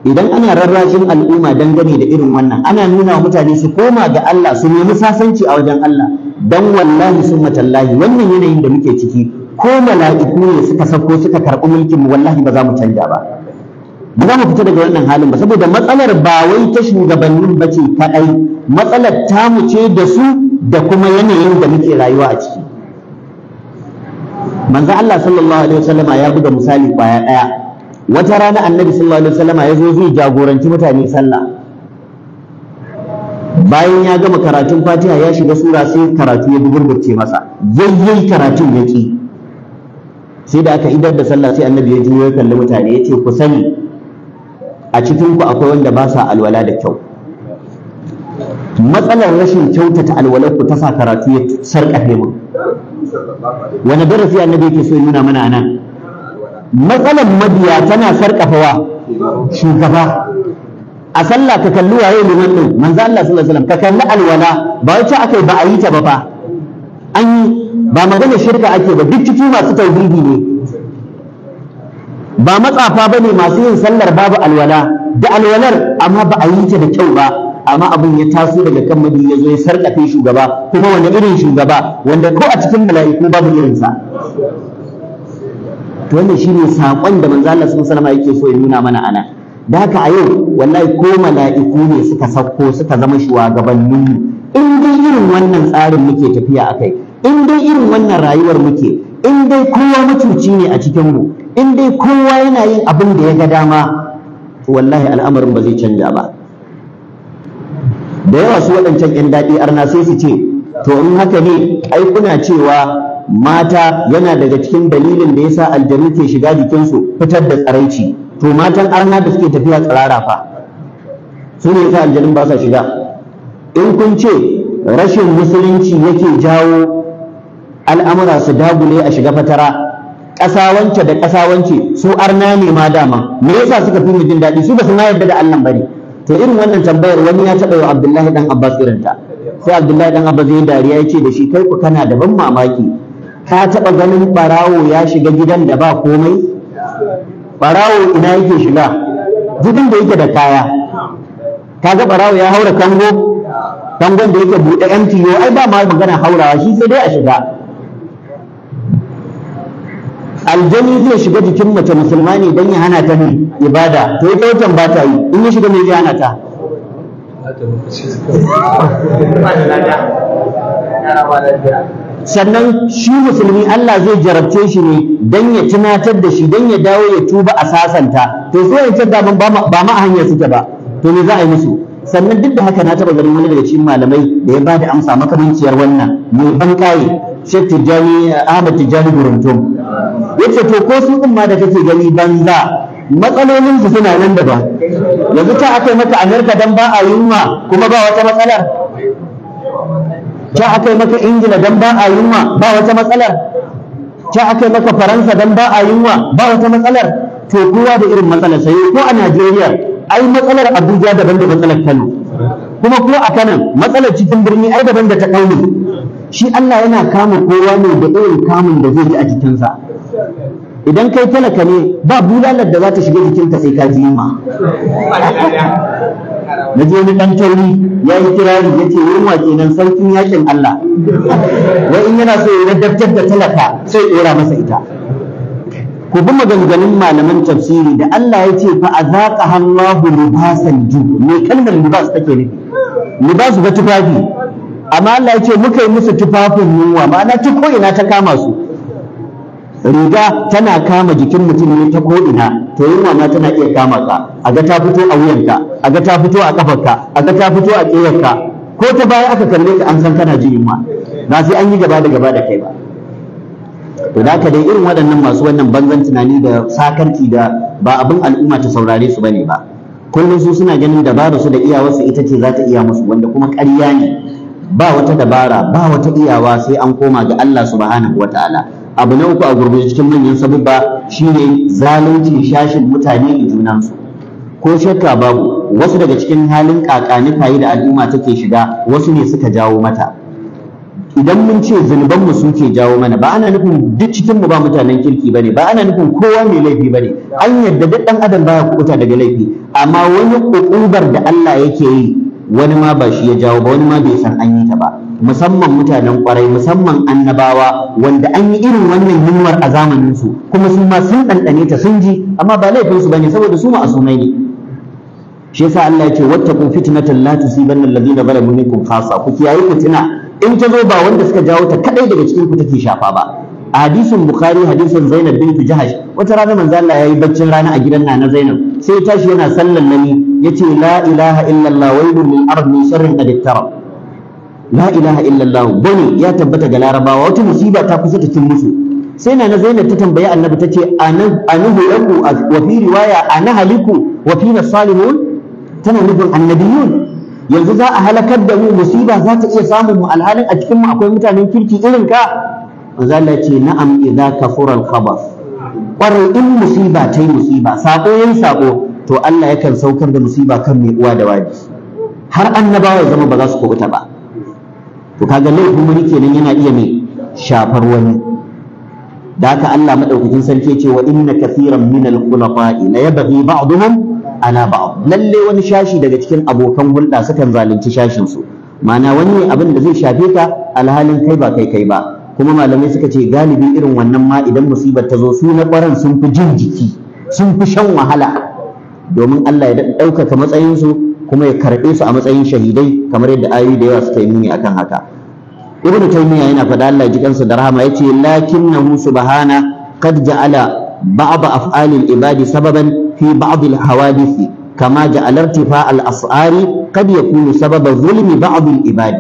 idan ana rarrashin al'umma dangane da irin wannan ana nuna wa mutane su koma ga Allah su nemi sasanci a wajen Allah dan wallahi summa tallahi wannan yanayin da muke ciki ko mala'iku ne suka sako suka karɓi mulkin mu wallahi ba za mu canja ba ba za mu fita daga wannan halin ba saboda matsalar ba wai ta shugabannin bace kadai matsalar tamu ce da su da kuma yanayin da muke rayuwa a ciki manzo Allah sallallahu alaihi wasallama ya buga misali kwaya daya wata rana annabi sallallahu alaihi wasallama ya zo zai jagoranci mutane sallah bayan ya gama karatun fatiha ya shiga sura sai karatu ya gurgurce masa yayyayi karatun ya ki sai da aka idar da sallah sai annabi ya juyo ya kalli mutane ya ce ku sani a cikin ku akwai wanda ba sa alwala da kyau matsalar rashin kyautata alwalar ku ta sa karatu ya sarƙafe mu wani darasi annabi yake so nuna mana nan matsalar mabiya tana sarkafawa shugaba a sallah ka kalli waye nan din manzo Allah sallallahu alaihi wasallam ka kalli alwala ba wai akai ba a yi ta ba fa an yi ba magana shirka ake ba duk cikin masu tauhidi ne ba matsafa bane masu yin sallar babu alwala da alwalar amma ba a yi ta da kyau ba amma abin ya taso daga kan madi ya zo ya sarkafe shugaba kuma wani irin shugaba wanda ko a cikin mala'iku babu irinsa to wannan shine sakon da manzo Allah sallallahu alaihi yake so ya nuna mana ana da haka a yau wallahi ko mala'iku ne suka sauko suka zama mu in dai irin wannan tsarin muke tafiya akai in dai irin wannan rayuwar muke in dai kowa mutunci ne a cikin mu in dai kowa yana yin abin da ya ga dama wallahi al'amarin ba zai canja ba da yawa su waɗancan 'yan daɗi arna sai su ce to in haka ne ai kuna cewa mata yana daga cikin dalilin da ya sa aljanu ke shiga jikinsu fitar da tsaraici to matan arna da suke tafiya tsirara fa su ne yasa aljanun ba sa shiga in kun ce rashin musulunci yake jawo al'amura su dagule a shiga fatara ƙasa wance da ƙasa wance su arna ne ma dama me yasa suka fi mu jin daɗi su ba su na yarda da Allah bane to irin wannan tambayar wani ya taɓa yi Abdullahi dan Abbas irinta sai Abdullahi dan Abbas ya dariya ya ce da shi kai ku kana da ban mamaki ka taɓa ganin barawo ya shiga gidan da ba komai barawo ina yake shiga gidan da yake da kaya ga barawo ya haura kango kangon da yake buɗe MTO ai ba ma magana haurawa shi sai dai a shiga aljani zai shiga jikin mace musulma ne don ya hana ta ne ibada to yi kautan ba ta yi in ya shiga mai zai hana ta sannan shi musulmi Allah zai jarabce shi ne don ya tunatar da shi don ya dawo ya tuba a sasanta to so yanke ba ma a hanyar suke ba to me za a yi musu sannan duk da haka na taɓa ganin wani daga cikin malamai da ya bada amsa makamanciyar wannan mai ban kaye Sheikh Tijani Ahmad Tijani Buruntum yace to ko su umma da kake gani banza matsalolin su suna nan daban yanzu ta akai maka Amerika dan ba a yunwa kuma ba wata matsalar ta akai maka Ingila dan ba a yunwa ba wata matsalar ta akai maka Faransa dan ba a yunwa ba wata matsalar to kowa da irin matsalar sai ko a Najeriya ai matsalar Abuja daban da matsalar Kano kuma ko a Kano matsalar cikin birni ai daban da ta ƙauye shi Allah yana kama kowa ne da irin kamun da zai yi a jikinsa idan kai talaka ne ba bulalar da za ta shiga jikinka sai ka ji ma. na je ni ɗan tauri ya yi kirari ya ce yunwa kenan sarkin yakin Allah wai in yana so ya dabtar da talaka sai ya masa ita ku bi maganganun malaman tafsiri da Allah ya ce fa azaqa Allahu libasan ju me kalmar libas take nufi libas ba tufafi amma Allah ya ce muka yi musu tufafin yunwa ma'ana ta ko ina ta kama su riga tana kama jikin mutum ne ta ko ina to yunwa ma tana iya kama ka a ga ta fito a wuyanka a ga ta fito a kafarka a ga ta fito a ka, ko ta baya aka kalle ka an san kana jin yunwa ba sai an yi gaba da gaba da kai ba to da haka dai irin waɗannan masu wannan banzan tunani da sakarci da ba abin al'umma ta saurare su bane ba kullum su suna ganin dabarar su da iyawarsu ita ce za ta iya musu wanda kuma ƙarya ne ba wata dabara ba wata iyawa sai an koma ga Allah subhanahu wataala abu na uku a gurguje cikin manyan sabubba shine zaluncin shashin mutane da su. ko shakka babu wasu daga cikin halin kakanin kayi da al'umma take shiga wasu ne suka jawo mata idan mun ce zunuban mu suke jawo mana ba ana nufin duk cikin mu ba mutanen kirki bane ba ana nufin kowa mai laifi bane an yadda duk dan adam baya kubuta daga laifi amma wani ukubar da Allah yake yi wani ma ba shi ya jawo ba wani ma bai san an yi ta ba musamman mutanen kwarai musamman annabawa wanda an yi irin wannan yunwar a zamanin su kuma sun ma sun dandane ta sun ji amma ba laifin su bane saboda su ma ma'asumai ne shi yasa Allah ya ce wattaqu fitnatan la tusibanna alladhina zalamu minkum khassa ku kiyaye fitina in ta zo ba wanda suka jawo ta kadai daga cikin ku take shafa ba hadisin bukhari hadisin zainab bintu jahash wata rana manzo Allah yayi baccin rana a gidan nana zainab sai tashi yana sallan nani yace la ilaha illallah wailul lil ard min sharrin qad la ilaha illallah bane ya tabbata ga larabawa wata musiba ta kusa ta cin musu sai nana zainab ta tambayi annabi tace anan anahu yaku wa fi riwaya ana wa fi salimun tana nufin annabiyun yanzu za a halakar da mu musiba za ta iya samun mu alhalin a cikin mu akwai mutanen kirki irin ka manzo ce na'am idza kafura al-khabath kwarai in musiba ta yi musiba sako yayi sako to Allah yakan saukar da musiba kan mai uwa da waji har annabawa ya zama ba za su kubuta ba to kaga laifin wani kenan yana iya mai shafar wani da haka Allah madaukakin sarki ce wa inna kathiran min al-khulafa'i la yabghi ba'dhum Lallai lalle wani shashi daga cikin abokan hulɗa sukan zalunci shashin su ma'ana wani ne abin da zai shafe ka alhalin kai ba kai kai ba kuma malamai suka ce galibi irin wannan ma idan musibar ta zo su na ƙwaran sun fi jin jiki sun fi shan wahala domin Allah ya ɗaukaka su kuma ya karɓe su a matsayin shahidai kamar yadda ayoyi da yawa suka yi nuni akan haka ibn taymiya yana faɗa Allah ji kansa da rahama yace lakinnahu subhana qad ja'ala ba'd af'alil ibadi sababan في بعض الحوادث كما جعل ارتفاع الأسعار قد يكون سبب ظلم بعض العباد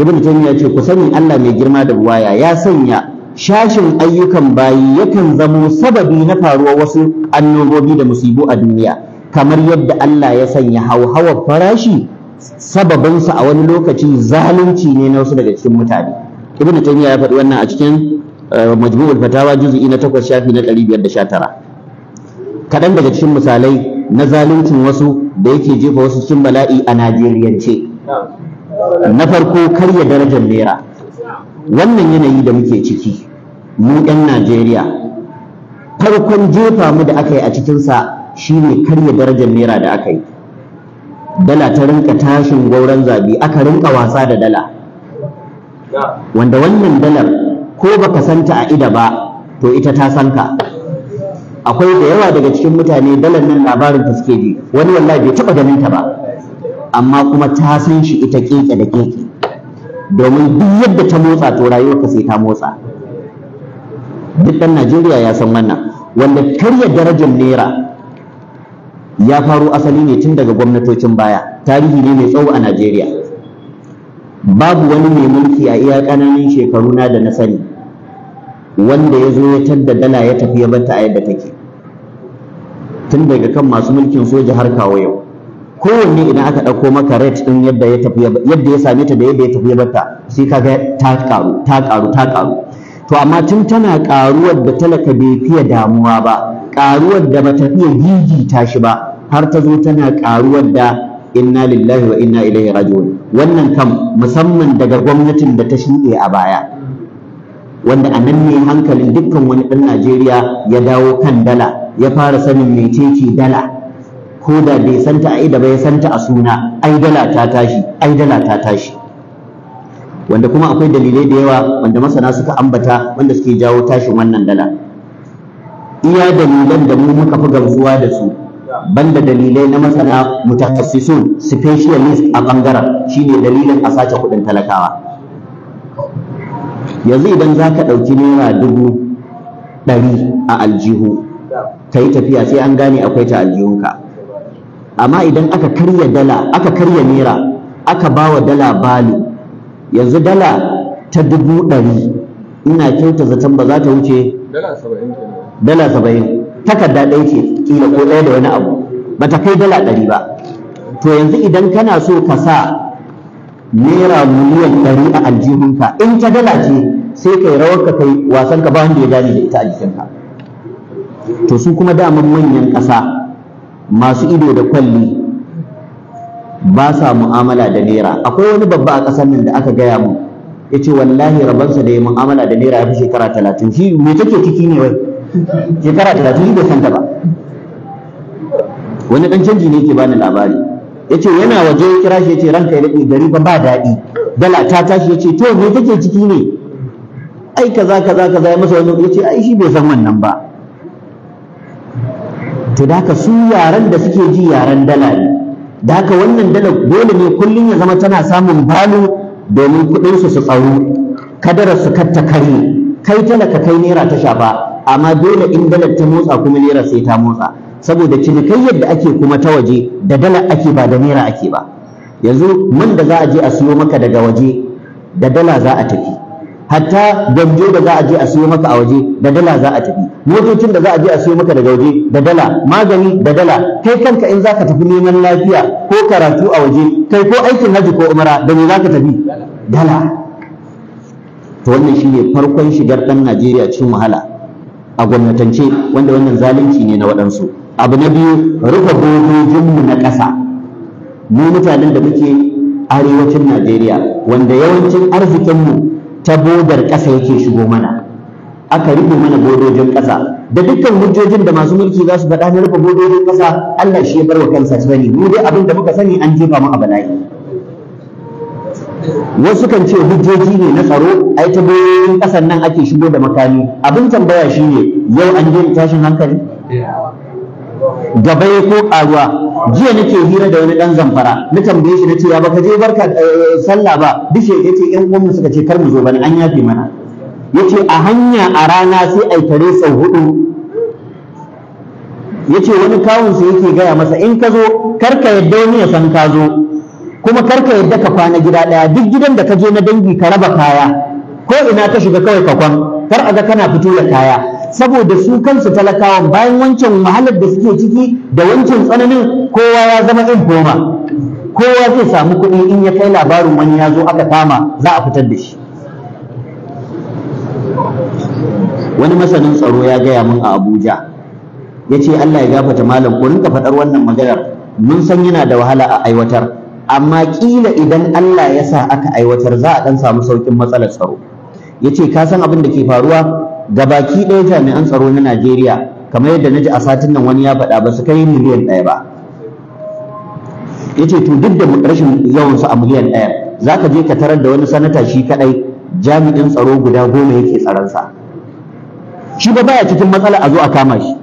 ibn taymiya ce ku sani Allah mai girma da buwaya ya sanya shashin ayyukan bayi yakan zamo sababi na faruwar wasu annobobi da musibu a duniya kamar yadda Allah ya sanya hauhawar farashi sababinsa a wani lokaci zalunci ne na wasu daga cikin mutane ibn taymiya ya faɗi wannan a cikin majmu'ul fatawa juz'i na 8 shafi na 519 kaɗan daga cikin misalai na zaluncin wasu da yake jefa wasu cikin bala'i a najeriyance na farko karya darajar naira wannan yanayi da muke ciki mu 'yan najeriya farkon jefa mu da aka yi a cikinsa shine karya darajar naira da aka yi dala ta rinka tashin gauran zabi aka rinka wasa da dala wanda wannan dalar ko baka santa a ida ba to ita ta sanka akwai da yawa daga cikin mutane dalar nan labarin ta suke ji wani wallahi bai taɓa ganin ta ba amma kuma ta san shi ita keke da keke domin duk yadda ta motsa to rayuwar ka sai ta motsa duk ɗan Najeriya ya san wannan wanda karya darajar naira ya faru asali ne tun daga gwamnatocin baya tarihi ne mai tsawo a Najeriya babu wani mai mulki a iya ƙananan shekaru na da na sani wanda ya zo ya tadda dala ya tafi ya bata a yadda take tun daga kan masu mulkin soja har kawo yau kowanne idan aka ɗauko maka ret ɗin yadda ya tafi ta da yadda ya tafi ya bata sai ka ga ta ƙaru ta ƙaru ta ƙaru to amma tun tana ƙaruwar da talaka bai fiye damuwa ba ƙaruwar da bata fiye ta shi ba har ta zo tana ƙaruwar da inna lillahi wa inna ilaihi raji'un wannan kam musamman daga gwamnatin da ta shuɗe a baya wanda a nan ne hankalin dukkan wani ɗan Najeriya ya dawo kan dala ya fara sanin mecece dala ko da bai santa a ida ba ya ta a suna ai dala ta tashi ai dala ta tashi wanda kuma akwai dalilai da yawa wanda masana suka ambata wanda suke jawo tashin wannan dala iya dalilan da mu muka fi gamsuwa da su banda dalilai na masana mutakassisun specialist a bangaren shine dalilin a sace kuɗin talakawa yanzu idan za ka ɗauki naira dubu ɗari a aljihu ka yi tafiya sai an gane akwai ta aljihunka amma idan aka karya dala aka karya naira aka ba wa dala balu yanzu dala ta dubu ɗari ina kyauta zaton ba za ta wuce dala saba'in takarda ɗaya ce kila ko ɗaya da wani abu ba ta kai dala ɗari ba to yanzu idan kana so ka sa naira miliyan ɗari a aljihunka in ta dala ce sai kai rawar ka kai wasan ka ba wanda ya gane da ita a jikinka to su kuma daman manyan ƙasa masu ido da kwalli ba sa mu'amala da naira akwai wani babba a ƙasar nan da aka gaya mu ya ce wallahi rabansa da ya mu'amala da naira ya fi shekara talatin shi me take ciki ne wai shekara talatin shi bai santa ba wani ɗan canji ne ke bani labari yace yana waje ya kira shi yace ranka ya dade gari ba ba daɗi dala ta tashi yace to me kake ciki ne ai kaza kaza kaza ya masa wani yace ai shi bai san wannan ba to da haka su yaran da suke ji yaran dala ne da haka wannan dala dole ne kullum ya zama tana samun balo domin kuɗin su su tsaro kadara su katta kare kai talaka kai naira ta shafa amma dole in dalar ta motsa kuma naira sai ta motsa saboda cinikayyar da ake kuma ta waje da dala ake ba da naira ake ba yanzu man da za a je a siyo maka daga waje da dala za a tafi hatta gamjo da za a je a siyo maka a waje da dala za a tafi motocin da za a je a siyo maka daga waje da dala magani da dala kai kanka in za ka tafi neman lafiya ko karatu a waje kai ko aikin haji ko umara da me za ka tafi dala to wannan shine farkon shigar ɗan Najeriya cikin wahala a gwamnatance wanda wannan zalunci ne na waɗansu abu na biyu rufe bodojinmu na ƙasa mu mutanen da muke arewacin najeriya wanda yawancin arzikinmu ta bodar ƙasa yake shigo mana aka rufe mana bodojin ƙasa da dukkan hujjojin da masu mulki za su faɗa na rufe bodojin ƙasa allah shi ya bar wa kansa sani mu dai abin da muka sani an jefa mu a bala'i wasu kan ce hujjoji ne na tsaro ai ta boyoyin ƙasan nan ake shigo da makami abin tambaya shine yau an je tashin hankali gaba ya ko karuwa jiya nake hira da wani dan zamfara na tambaye shi nace ya ka je barka eh, sallah ba dishe yace yan uwan suka ce kar mu zo bane an yafe mana yace a hanya a rana sai ai tare sau hudu yace wani kawun sai yake gaya masa in ka zo kar ka yadda wani ya san ka zo kuma kar ka yadda ka kwana gida daya duk gidan da ka je na dangi ka raba kaya ko ina ka shiga kawai ka kwan kar a ga kana fito da kaya saboda su kansu talakawan bayan wancan wahalar da suke ciki da wancan tsananin kowa ya zama koma kowa zai samu kuɗi in ya kai labarin wani ya zo aka kama za a fitar da shi wani masanin tsaro ya gaya mun a abuja ya ce allah ya gafata malam ku rinka faɗar wannan maganar mun san yana da wahala a aiwatar amma ƙila idan allah ya sa aka aiwatar za a ɗan samu sauƙin matsalar tsaro ya ce ka san abin da ke faruwa baki ɗaya jami'an tsaro na Najeriya kamar yadda naji a satin nan wani ya faɗa ba su kai miliyan ɗaya ba yace to duk da rashin yawan su a miliyan ɗaya zaka je ka tarar da wani sanata shi kadai jami'in tsaro guda goma yake sa shi ba baya cikin matsala a zo a kama shi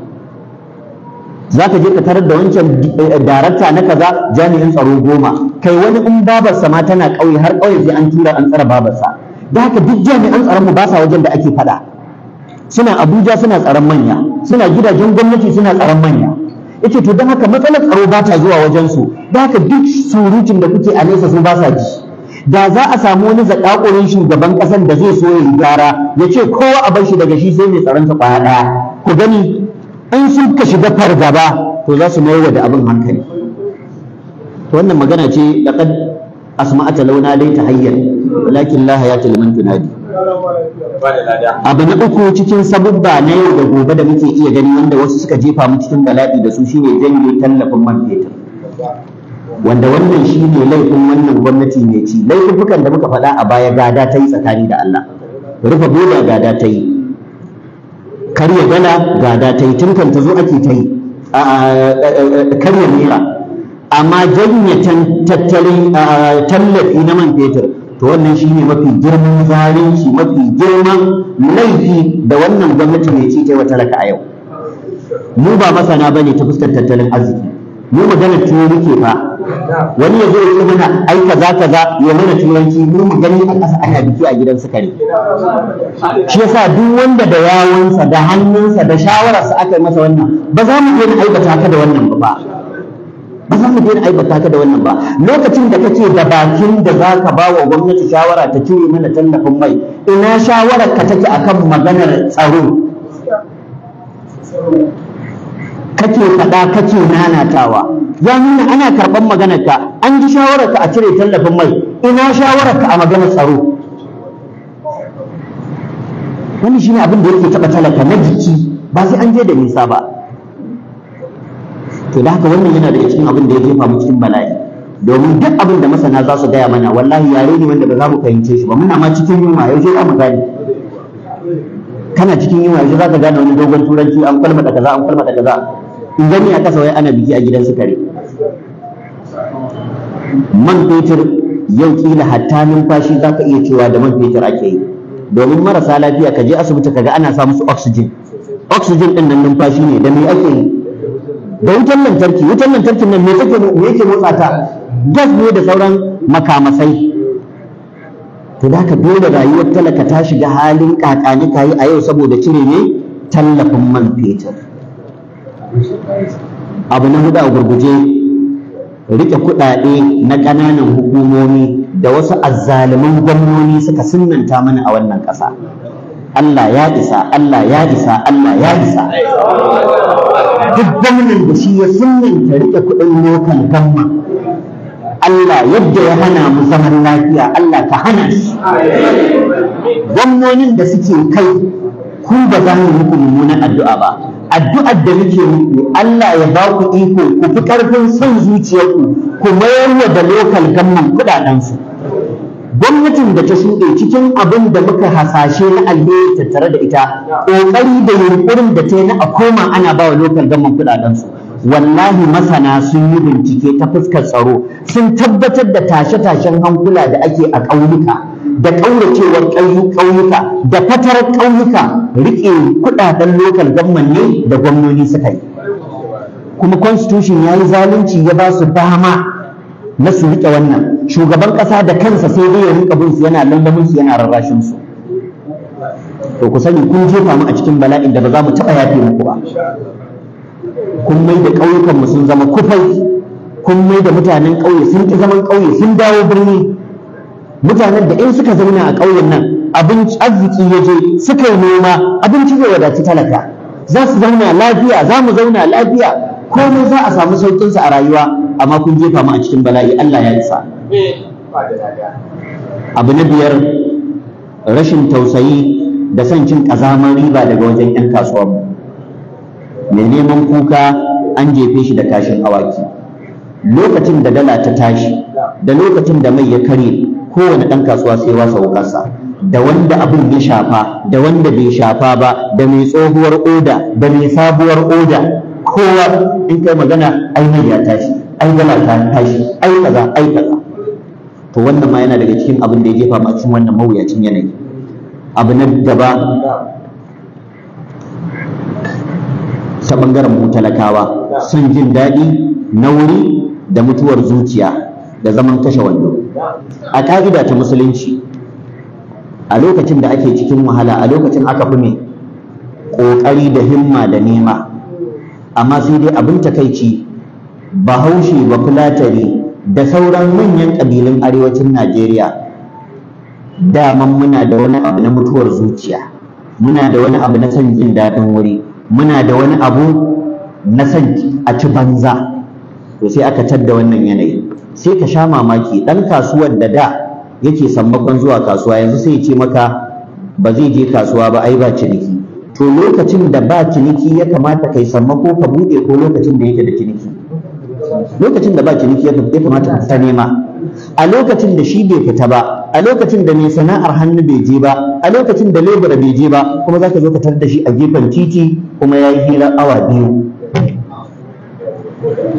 zaka je ka tarar da wancan eh, darakta na kaza jami'in tsaro goma kai wani in babarsa ma tana ƙauye har ƙauye sai an tura an tsara babarsa da haka duk jami'an tsaron mu ba sa wajen da ake faɗa suna abuja suna tsaron manya suna gidajen gwamnati suna tsaron manya yace to don haka matsalar tsaro ba ta zuwa su, da haka duk surutun da kuke a nesa su ba sa ji da za a samu wani zakakurin shugaban kasan da zai so ya gyara ya ce kowa a bar shi daga shi sai mai tsaron ta kwaya daya ku gani in sun ka shiga fargaba to za su mayar da abin hankali to wannan magana ce da asma'ata launa laita hayyan walakin ya ta liman tunadi abu na uku cikin sabubba na yau da gobe da muke iya gani wanda wasu suka jefa mu cikin bala'i da su shine janye tallafin man fetur wanda wannan shine laifin wannan gwamnati mai ci laifukan da muka faɗa a baya gada ta yi tsakani da Allah rufe boda gada ta yi karya gana gada ta yi tun ta zo ake ta yi eh, eh, eh, karya naira amma janye tattalin tallafi na man fetur to wannan shi ne mafi girman zalunci mafi girman laifi da wannan gwamnati mai cike wa talaka a yau mu ba masana bane ta fuskar tattalin arziki mu maganar tuwo muke fa wani yazo ya ce mana ai kaza kaza ya mana turanci mu mu gani a ƙasa ana biki a gidan kare shi yasa duk wanda da yawunsa da hannunsa da shawararsa aka yi masa wannan ba za mu iya aikata ka da wannan ba ba za mu daina aibata ka da wannan ba lokacin da kake da bakin da za ka ba wa gwamnati shawara ta cire mana tallafin mai ina shawarar ka take akan maganar tsaro kake faɗa kake nanatawa ya nuna ana karɓar maganar ka an ji shawarar ka a cire tallafin mai ina shawarar ka a maganar tsaro wannan shine abin da yake taɓa talaka na jiki ba sai an je da nisa ba to da haka wannan yana da cikin abin da ya jefa mu cikin bala'i domin duk abin da masana za su gaya mana wallahi yare ne wanda ba za mu fahimce shi ba muna ma cikin yunwa yaushe za mu gane kana cikin yunwa yaushe za ka gane wani dogon turanci an da kaza an da kaza in gani a kasa wai ana biki a gidan su kare man fetur yau kila hatta numfashi za ka iya cewa da man fetur ake yi domin marasa lafiya ka je asibiti ka ga ana sa musu oxygen oxygen din nan numfashi ne da me ake yi da wutan lantarki wutan lantarkin nan me take me yake motsa ta gas ne da sauran makamasai to da ka dole rayuwar talaka ta shiga halin kakani kayi a yau saboda cire ne tallafin man fetur abu na hudu a gurguje rike kuɗaɗe na ƙananan hukumomi da wasu azzalumin gwamnoni suka sunanta mana a wannan ƙasa Allah ya isa Allah ya isa Allah ya isa duk gwamnan da shi ya sunan ta rike kuɗin lokal gamma Allah yadda ya hana mu zaman lafiya Allah ta hana shi gwamnonin da suke kai ku ba za mu muku mummunan addu'a ba addu'ar da muke muku Allah ya ba ku iko ku fi ƙarfin son zuciyarku ku mayar da lokal gamman kuɗaɗensu gwamnatin da ta shuɗe cikin abin da muka hasashe na alheri tattare da ita ƙoƙari da yunƙurin da ta yi na a koma ana ba wa lokal gaman kuɗaɗensu wallahi masana sun yi bincike ta fuskar tsaro sun tabbatar da tashe-tashen hankula da ake a ƙauyuka da ƙauracewar ƙauyuka da fatar ƙauyuka riƙe kuɗaɗen lokal gamman ne da gwamnoni suka yi kuma constitution ya yi zalunci ya ba su dama na su riƙe wannan shugaban ƙasa da kansa sai zai ya rinka bin su yana lallamin su yana rarrashin su to ku sani kun jefa mu a cikin bala'in da ba za mu taɓa yafe muku ba kun mai da ƙauyukanmu sun zama kufai kun mai da mutanen ƙauye sun ƙi zaman ƙauye sun dawo birni mutanen da in suka zauna a ƙauyen nan abinci arziki ya je suka yi noma abinci zai wadaci talaka za su zauna lafiya za mu zauna lafiya komai za a samu sauƙinsa a rayuwa amma kun jefa mu a cikin bala'i Allah ya isa. abu na biyar rashin tausayi da son cin ƙazaman riba daga wajen 'yan kasuwa mai neman kuka an jefe shi da kashin awaki lokacin da dala ta tashi da lokacin da mai ya kare kowane ɗan kasuwa sai wasa wukarsa da wanda abin ya shafa da wanda bai shafa ba da mai tsohuwar oda da mai sabuwar oda kowa in kai magana ai ya tashi ai gala ta tashi ai kaza ai kaza to wannan ma yana daga cikin abin da ya jefa mu cikin wannan mawuyacin yanayi abu na gaba ta bangaren mu talakawa son jin daɗi na wuri da mutuwar zuciya da zaman kashe wando a ƙa'ida ta musulunci a lokacin da ake cikin wahala a lokacin aka fi me ƙoƙari da himma da nema amma sai dai abin takaici bahaushe ba fulatari da sauran manyan ƙabilun arewacin Najeriya daman muna da wani abu na mutuwar zuciya muna da wani abu na son jin daɗin wuri muna da wani abu na son a ci banza to sai aka tadda wannan yanayi sai ka sha mamaki ɗan kasuwar da da yake sammakon zuwa kasuwa yanzu sai ya ce maka ba zai je kasuwa ba ai ba ciniki to lokacin da ba ciniki ya kamata kai sammako ka buɗe ko lokacin da yake da ciniki lokacin da ba ciniki ya kamata ta nema a lokacin da shi bai fita ba a lokacin da mai sana'ar hannu bai je ba a lokacin da lebura bai je ba kuma zaka zo ka tar da shi a gefen titi kuma ya yi hirar awa biyu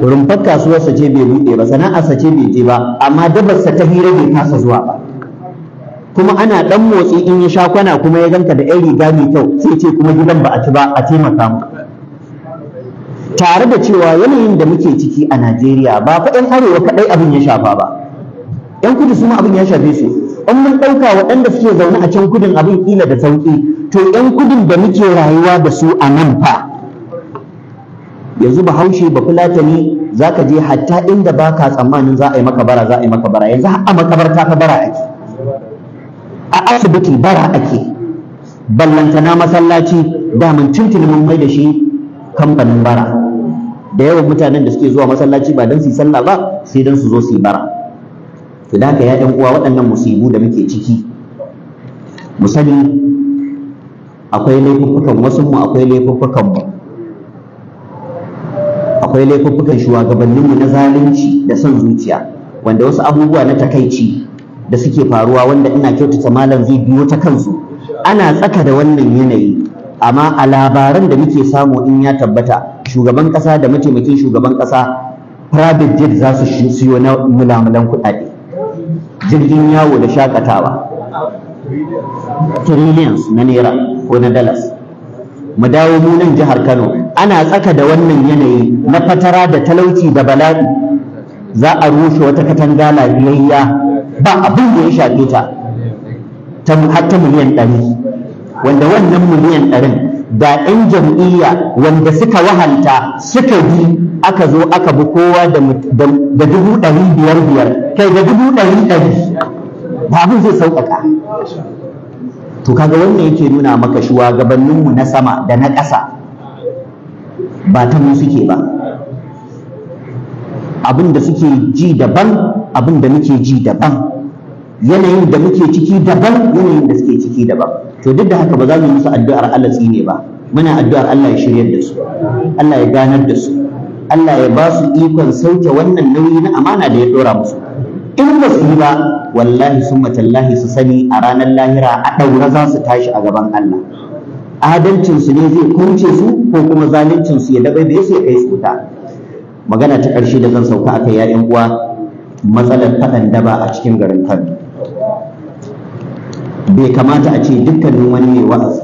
rumfar sa ce bai buɗe ba sana'ar sace bai je ba amma sa ta hira bai kasa zuwa ba kuma ana dan motsi in ya sha kwana kuma ya ganka da yan riga mai kyau sai ce kuma gidan ba a ci ba a taimaka mu tare da cewa yanayin da muke ciki a Najeriya ba fa ɗan arewa kaɗai abin ya shafa ba ɗan kudu su ma abin ya shafe su in mun ɗauka waɗanda suke zaune a can kudin abin kila da sauƙi to 'yan kudin da muke rayuwa da su a nan fa yanzu bahaushe ba fulatani za ka je hatta inda ba ka tsammanin za a yi maka bara za a yi maka bara yanzu a makabarta ka bara ake a asibiti bara ake ballantana masallaci damin tuntuni mun mai da shi kamfanin bara da yawan mutanen da suke zuwa masallaci ba don su yi sallah ba sai don su zo su yi bara to da haka ya uwa waɗannan musibu da muke ciki mu sani akwai laifuffukan wasu mu akwai laifuffukan mu akwai laifuffukan mu na zalunci da son zuciya wanda wasu abubuwa na takaici da suke faruwa wanda ina kyautata malam zai biyo ta kansu ana tsaka da wannan yanayi amma a labaran da muke samu in ya tabbata shugaban ƙasa da mataimakin shugaban ƙasa private jet za su siyo na mulamulan kuɗaɗe jirgin yawo da shakatawa trillions na naira ko na dollars mu dawo mu nan jihar Kano ana tsaka da wannan yanayi na fatara da talauci da bala'i za a rushe wata katanga lafiyayya ba abin da ya shafe ta ta miliyan ɗari wanda wannan miliyan ɗarin da ɗan jam'iyya wanda suka wahanta suka bi aka zo aka bi kowa da dubu ɗari biyar biyar kai da dubu ɗari ɗari ba abin zai sauƙaƙa to kaga wannan yake nuna maka shugabanninmu na sama da na ƙasa ba ta mu suke ba abin da suke ji daban abin da muke ji daban yanayin da muke ciki daban yanayin da suke ciki daban to duk da haka ba za mu musu addu'ar Allah tsine ba muna addu'ar Allah ya shiryar da su Allah ya ganar da su Allah ya ba su ikon sauke wannan nauyi na amana da ya dora musu in ba su yi ba wallahi summa tallahi su sani a ranar lahira a daura za su tashi a gaban Allah adalcin su ne zai kunce su ko kuma zaluncin su ya dabaibaye su ya kai su ta magana ta ƙarshe da zan sauka akai 'yayan uwa matsalar faɗan daba a cikin garin Kano bai kamata a ce dukkanin wani mai wa'az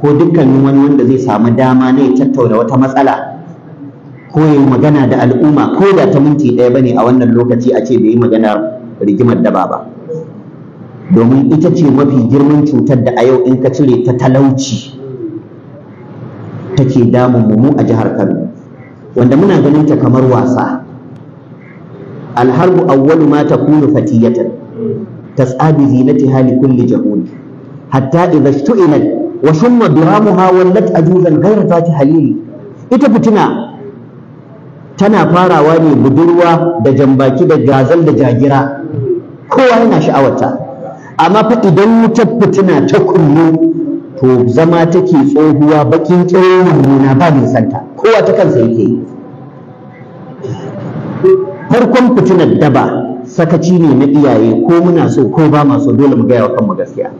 ko dukkanin wani wanda zai samu dama ne tattauna wata matsala ko ya magana da al'umma ko da ta minti ɗaya bane a wannan lokaci a ce bai yi magana rigimar daba ba domin ita ce mafi girman cutar da a yau in ka cire ta talauci take damun mu a jihar Kano wanda muna ganin ta kamar wasa alharbu awwalu ma ta takunu fatiyatan تسعى بزينتها لكل جهول حتى إذا اشتئلت وشم برامها ولت أجوزا غير ذات حليل إتبتنا tana farawa ne budurwa da jan baki da gazal da jagira kowa yana sha'awarta amma fa idan wutar fitina ta kullu to zama take tsohuwa bakin tsohon nuna ba mai santa kowa ta kansa yake yi farkon fitinar daba sakaci ne na iyaye ko muna so ko ba ma dole mu gaya wa kanmu gaskiya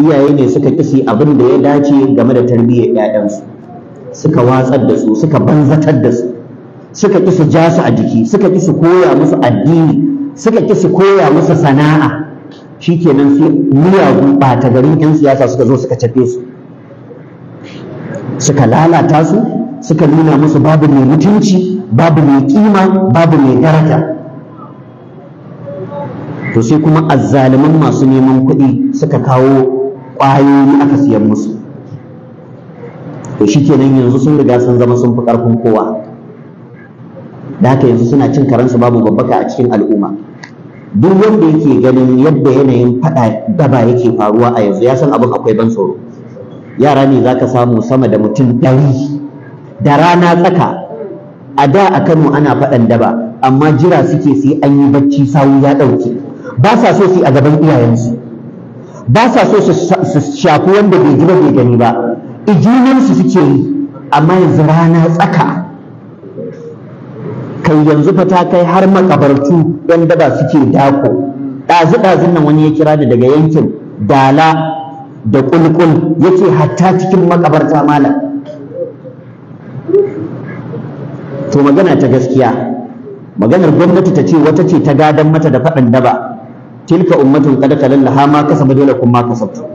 iyaye ne suka kisi abin da ya dace game da tarbiyyar 'ya'yansu suka watsar da su suka banzatar da su suka kisa ja su a jiki suka kisa koya musu addini suka kisa koya musu sana'a shikenan sai miyagu ɓata garin 'yan siyasa suka zo suka cafe su suka lalata su suka nuna musu babu mai mutunci babu mai kima babu mai daraja to sai kuma azzaliman masu neman kuɗi suka kawo ƙwayoyi aka siyan musu to kenan yanzu sun riga sun zama sun fi ƙarfin kowa da haka yanzu suna cin karansu babu babbaka a cikin al'umma duk wanda yake ganin yadda yanayin faɗa daba yake faruwa a yanzu ya san abin akwai ban tsoro yara ne za ka samu sama da mutum ɗari da rana tsaka a da a Kano ana faɗan daba amma jira suke sai an yi bacci sawu ya ɗauke ba sa so su a gaban iyayensu ba sa so su shafi wanda bai ji ba bai gani ba ijininsu suke yi amma yanzu rana tsaka kai yanzu fa ta kai har makabartu yan daba suke dako ɗazu dazun nan wani ya kira da daga yankin dala da kulkul yace hatta cikin makabarta malam to magana ta gaskiya maganar gwamnati ta ce wata ce ta gadan mata da faɗin daba tilka ummatun qad lallaha ma kasabat dole kuma ma kasabtum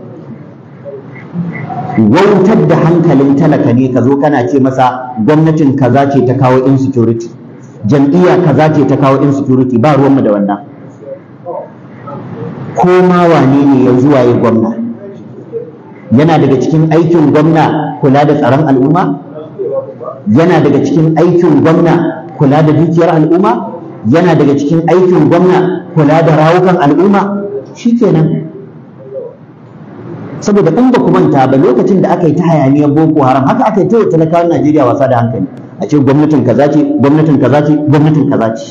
wautar da hankalin talaka ne ka zo kana ce masa gwamnatin kaza ce ta kawo insecurity jam'iyya kaza ce ta kawo insecurity ba ruwanmu da wannan ko ma wane ne ya zuwa ya gwamna yana daga cikin aikin gwamna kula da tsaron al'umma yana daga cikin aikin gwamna kula da dukiyar al'umma yana daga cikin aikin gwamna kula da rawukan al'umma shikenan saboda in ba ku manta ba lokacin da aka yi ta hayaniyar boko haram haka aka yi ta talakawan Najeriya wasa da hankali a ce gwamnatin kaza ce gwamnatin kaza ce gwamnatin kaza ce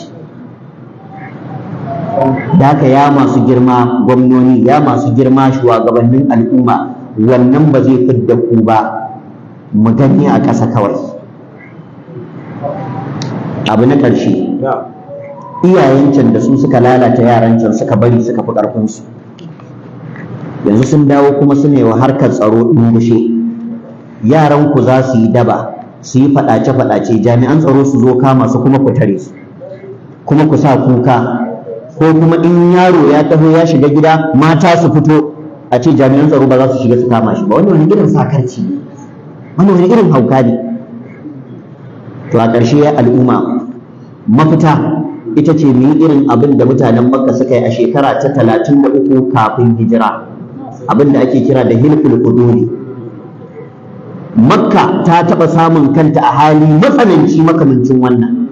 da haka ya masu girma gwamnoni ya masu girma shugabannin al'umma wannan ba zai fidda ku ba mu gani a ƙasa kawai abu na ƙarshe iyayen can da su suka lalata yaran can suka bari suka fi ƙarfinsu yanzu sun dawo kuma su ne wa harkar tsaro ɗin gushe yaran ku za su yi daba su yi faɗace-faɗace jami'an tsaro su zo kama su kuma ku tare su kuma ku sa kuka ko kuma in yaro ya taho ya shiga gida mata su fito a ce jami'an tsaro ba za su shiga su kama shi ba wani wani irin sakarci ne wani wani irin hauka ne to a ƙarshe al'umma mafita ita ce mu yi irin abin da mutanen makka suka yi a shekara ta talatin da uku kafin hijira abin da ake kira da hilful quduri makka ta taɓa samun kanta a hali matsananci makamancin wannan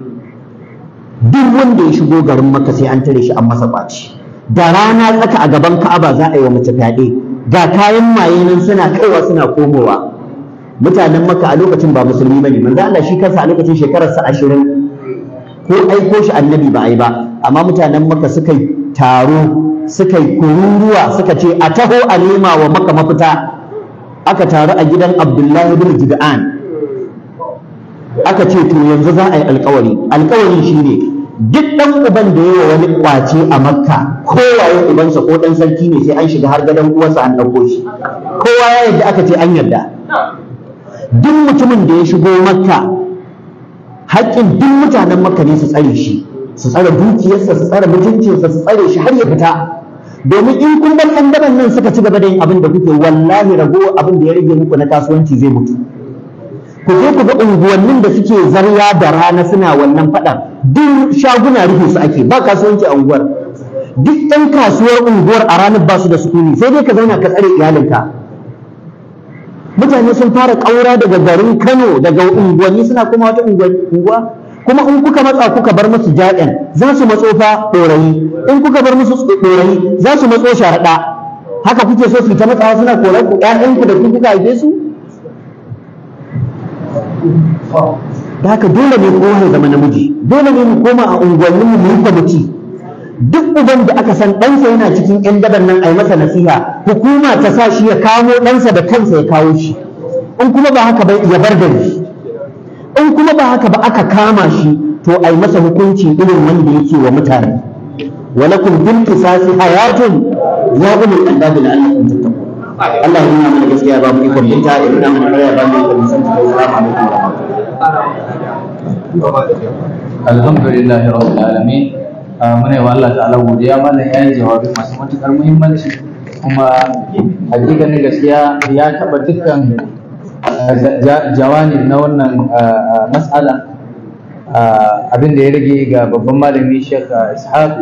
duk wanda ya shigo garin makka sai an tare shi an masa ɓaci da rana tsaka a gaban ka'aba za a yi wa mace fyaɗe ga kayan maye nan suna kaiwa suna komowa mutanen makka a lokacin ba musulmi bane manzo Allah shi kansa a lokacin shekararsa ashirin ko aiko shi annabi ba a yi ba amma mutanen maka suka yi taro suka yi kururuwa suka ce a taho a nema wa maka mafita aka taru a gidan abdullahi bin jida'an aka ce to yanzu za a yi alkawari shi ne duk ɗan uban da wa wani kwace a makka kowaye ubansa ko dan sarki ne sai an shiga har gadon uwarsa an ɗauko shi kowa ya yadda aka ce an yarda duk mutumin da ya shigo makka haƙƙin duk mutanen makka ne su tsare shi su tsare dukiyarsa su tsare mutuncinsa su tsare shi har ya fita domin in kun bar ɗan nan suka ci gaba da yin abin da kuke wallahi rago abin da ya rage muku na kasuwanci zai mutu ku je ku ga unguwannin da suke zarya da rana suna wannan faɗa duk shaguna rufe su ake ba kasuwanci a unguwar duk ɗan kasuwar unguwar a ranar ba su da sukuni sai dai ka zauna ka tsare iyalinka mutane sun fara ƙaura daga garin Kano daga unguwanni suna kuma wata unguwa kuma in kuka matsa kuka bar musu jaɗin za su matso fa ɗorayi in kuka bar musu ɗorayi za su matso sharaɗa haka kuke so su ta matsawa suna korar ku ƴaƴanku da kuka haife su da haka dole ne kowa ya zama namiji dole ne mu koma a unguwanni mu yi kwamiti duk uban da aka san ɗansa yana cikin 'yan daban nan a yi masa nasiha hukuma ta sa shi ya kamo ɗansa da kansa ya kawo shi in kuma ba haka ba ya bar da shi. in kuma ba haka ba aka kama shi to a yi masa hukunci irin wanda yake wa mutane walakum bil qisasi hayatun ya gudu da la'allakum tattaqun Allah ya nuna mana gaskiya ba mu ikon binta ya nuna mana ƙarya ba mu ikon san ta salamu alaikum wa rahmatullahi alhamdulillahi rabbil alamin Ah, muna wa Allah ta'ala godiya mana ya yi jawabi masu matukar muhimmanci kuma hakikanin gaskiya ya taɓa dukkan ah, jawani na wannan ah, matsala abin da ya rage ga babban malami Sheikh Ishaq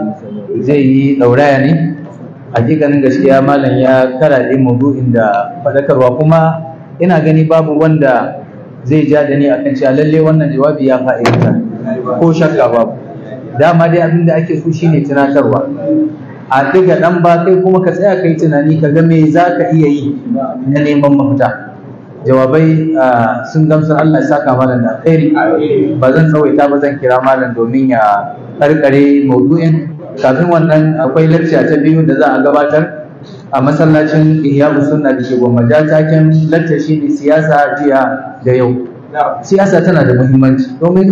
zai yi ɗauraya ne hakikanin gaskiya malam ya karaɗe maudu'in da faɗakarwa kuma ina gani babu wanda zai ja da ni akan cewa lalle wannan jawabi ya fa'idata ko shakka ba dama dai abin da ake so shine tunatarwa a daga dan ba kai kuma ka tsaya kai tunani ka ga me za ka iya yi na neman mafita jawabai sun gamsar Allah ya saka malam da alheri ba zan tsawaita ba zan kira malam domin ya karkare maudu'in kafin wannan akwai lacca ta biyu da za a gabatar a masallacin Ihya Sunna da ke goma ja taken lacca shine siyasa jiya da yau siyasa tana da muhimmanci domin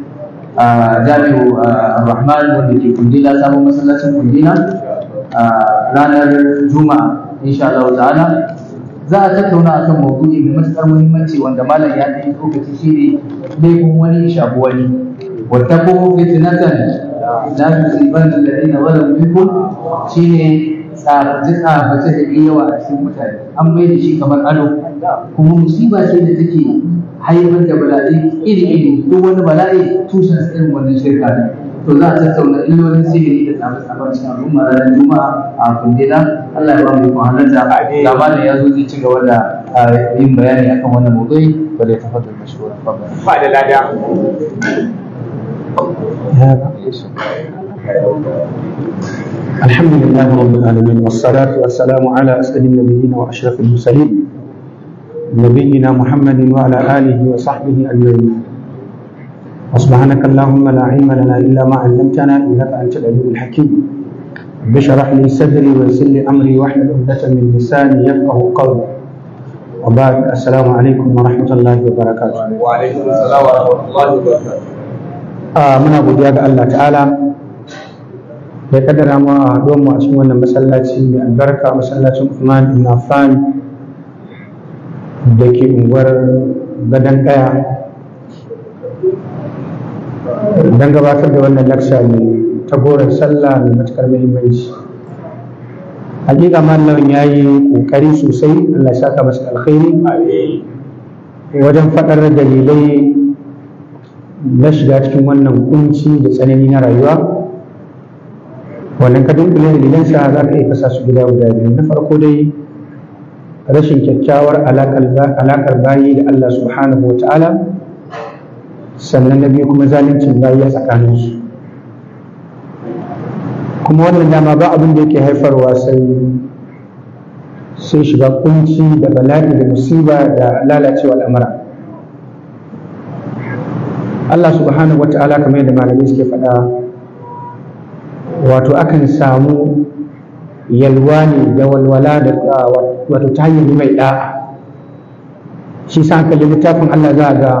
a jami'u rahman wanda ke kundila sabon masallacin kundila ranar juma'a insha Allah ta'ala za a tattauna akan maudu'i mai matuƙar muhimmanci wanda malam ya ɗan lokaci shine laifin wani shafi wani wattaqu fitnatan la na alladhina zalamu minkum shine tsarace-tsarace da yawa a cikin mutane an mai da shi kamar ado kuma musiba ce da take haifar da bala'i iri iri duk wani bala'i tushen irin wannan shirka ne to za a tattauna illolin sihiri da tsafe tsafen cikin al'umma ranar juma'a a kundina Allah ya ba mu ikon halarta ya zo zai ci gaba da ah, yin bayani akan wannan maudu'i ba da tafaddal mashhura ba da lada الحمد لله رب العالمين والصلاة والسلام على أسعد النبيين وأشرف المرسلين نبينا محمد وعلى آله وصحبه أجمعين وسبحانك اللهم لا علم لنا إلا ما علمتنا إنك أنت العليم الحكيم بشرح لي صدري ويسر لي أمري واحلل عقدة من لساني يفقه قولي وبعد السلام عليكم ورحمة الله وبركاته وعليكم السلام ورحمة الله وبركاته آه من أبو دياب الله تعالى ya kaddara mu a haɗuwar mu a cikin wannan masallaci mai albarka masallacin Uthman ibn Affan da ke unguwar gadon kaya don gabatar da wannan laksa ne ta goron sallah mai matukar muhimmanci hakika mallam ya yi kokari sosai allah ka masa alkhairi wajen faɗar dalilai na shiga cikin wannan kunci da tsanani na rayuwa wannan kadin kula dalilansa za ka iya kasa su gida guda biyu na farko dai rashin kyakkyawar alakar bayi da Allah subhanahu wa ta'ala sannan na biyu kuma zaluncin bayi a tsakaninsu kuma wannan dama ba abin da yake haifarwa sai sai shiga kunci da bala'i da musiba da lalacewa al'amura Allah subhanahu wa ta'ala kamar yadda malami suke faɗa wato akan samu yalwa ne da walwala da wato ta hanyar mai da'a shi sa kalli littafin Allah za ga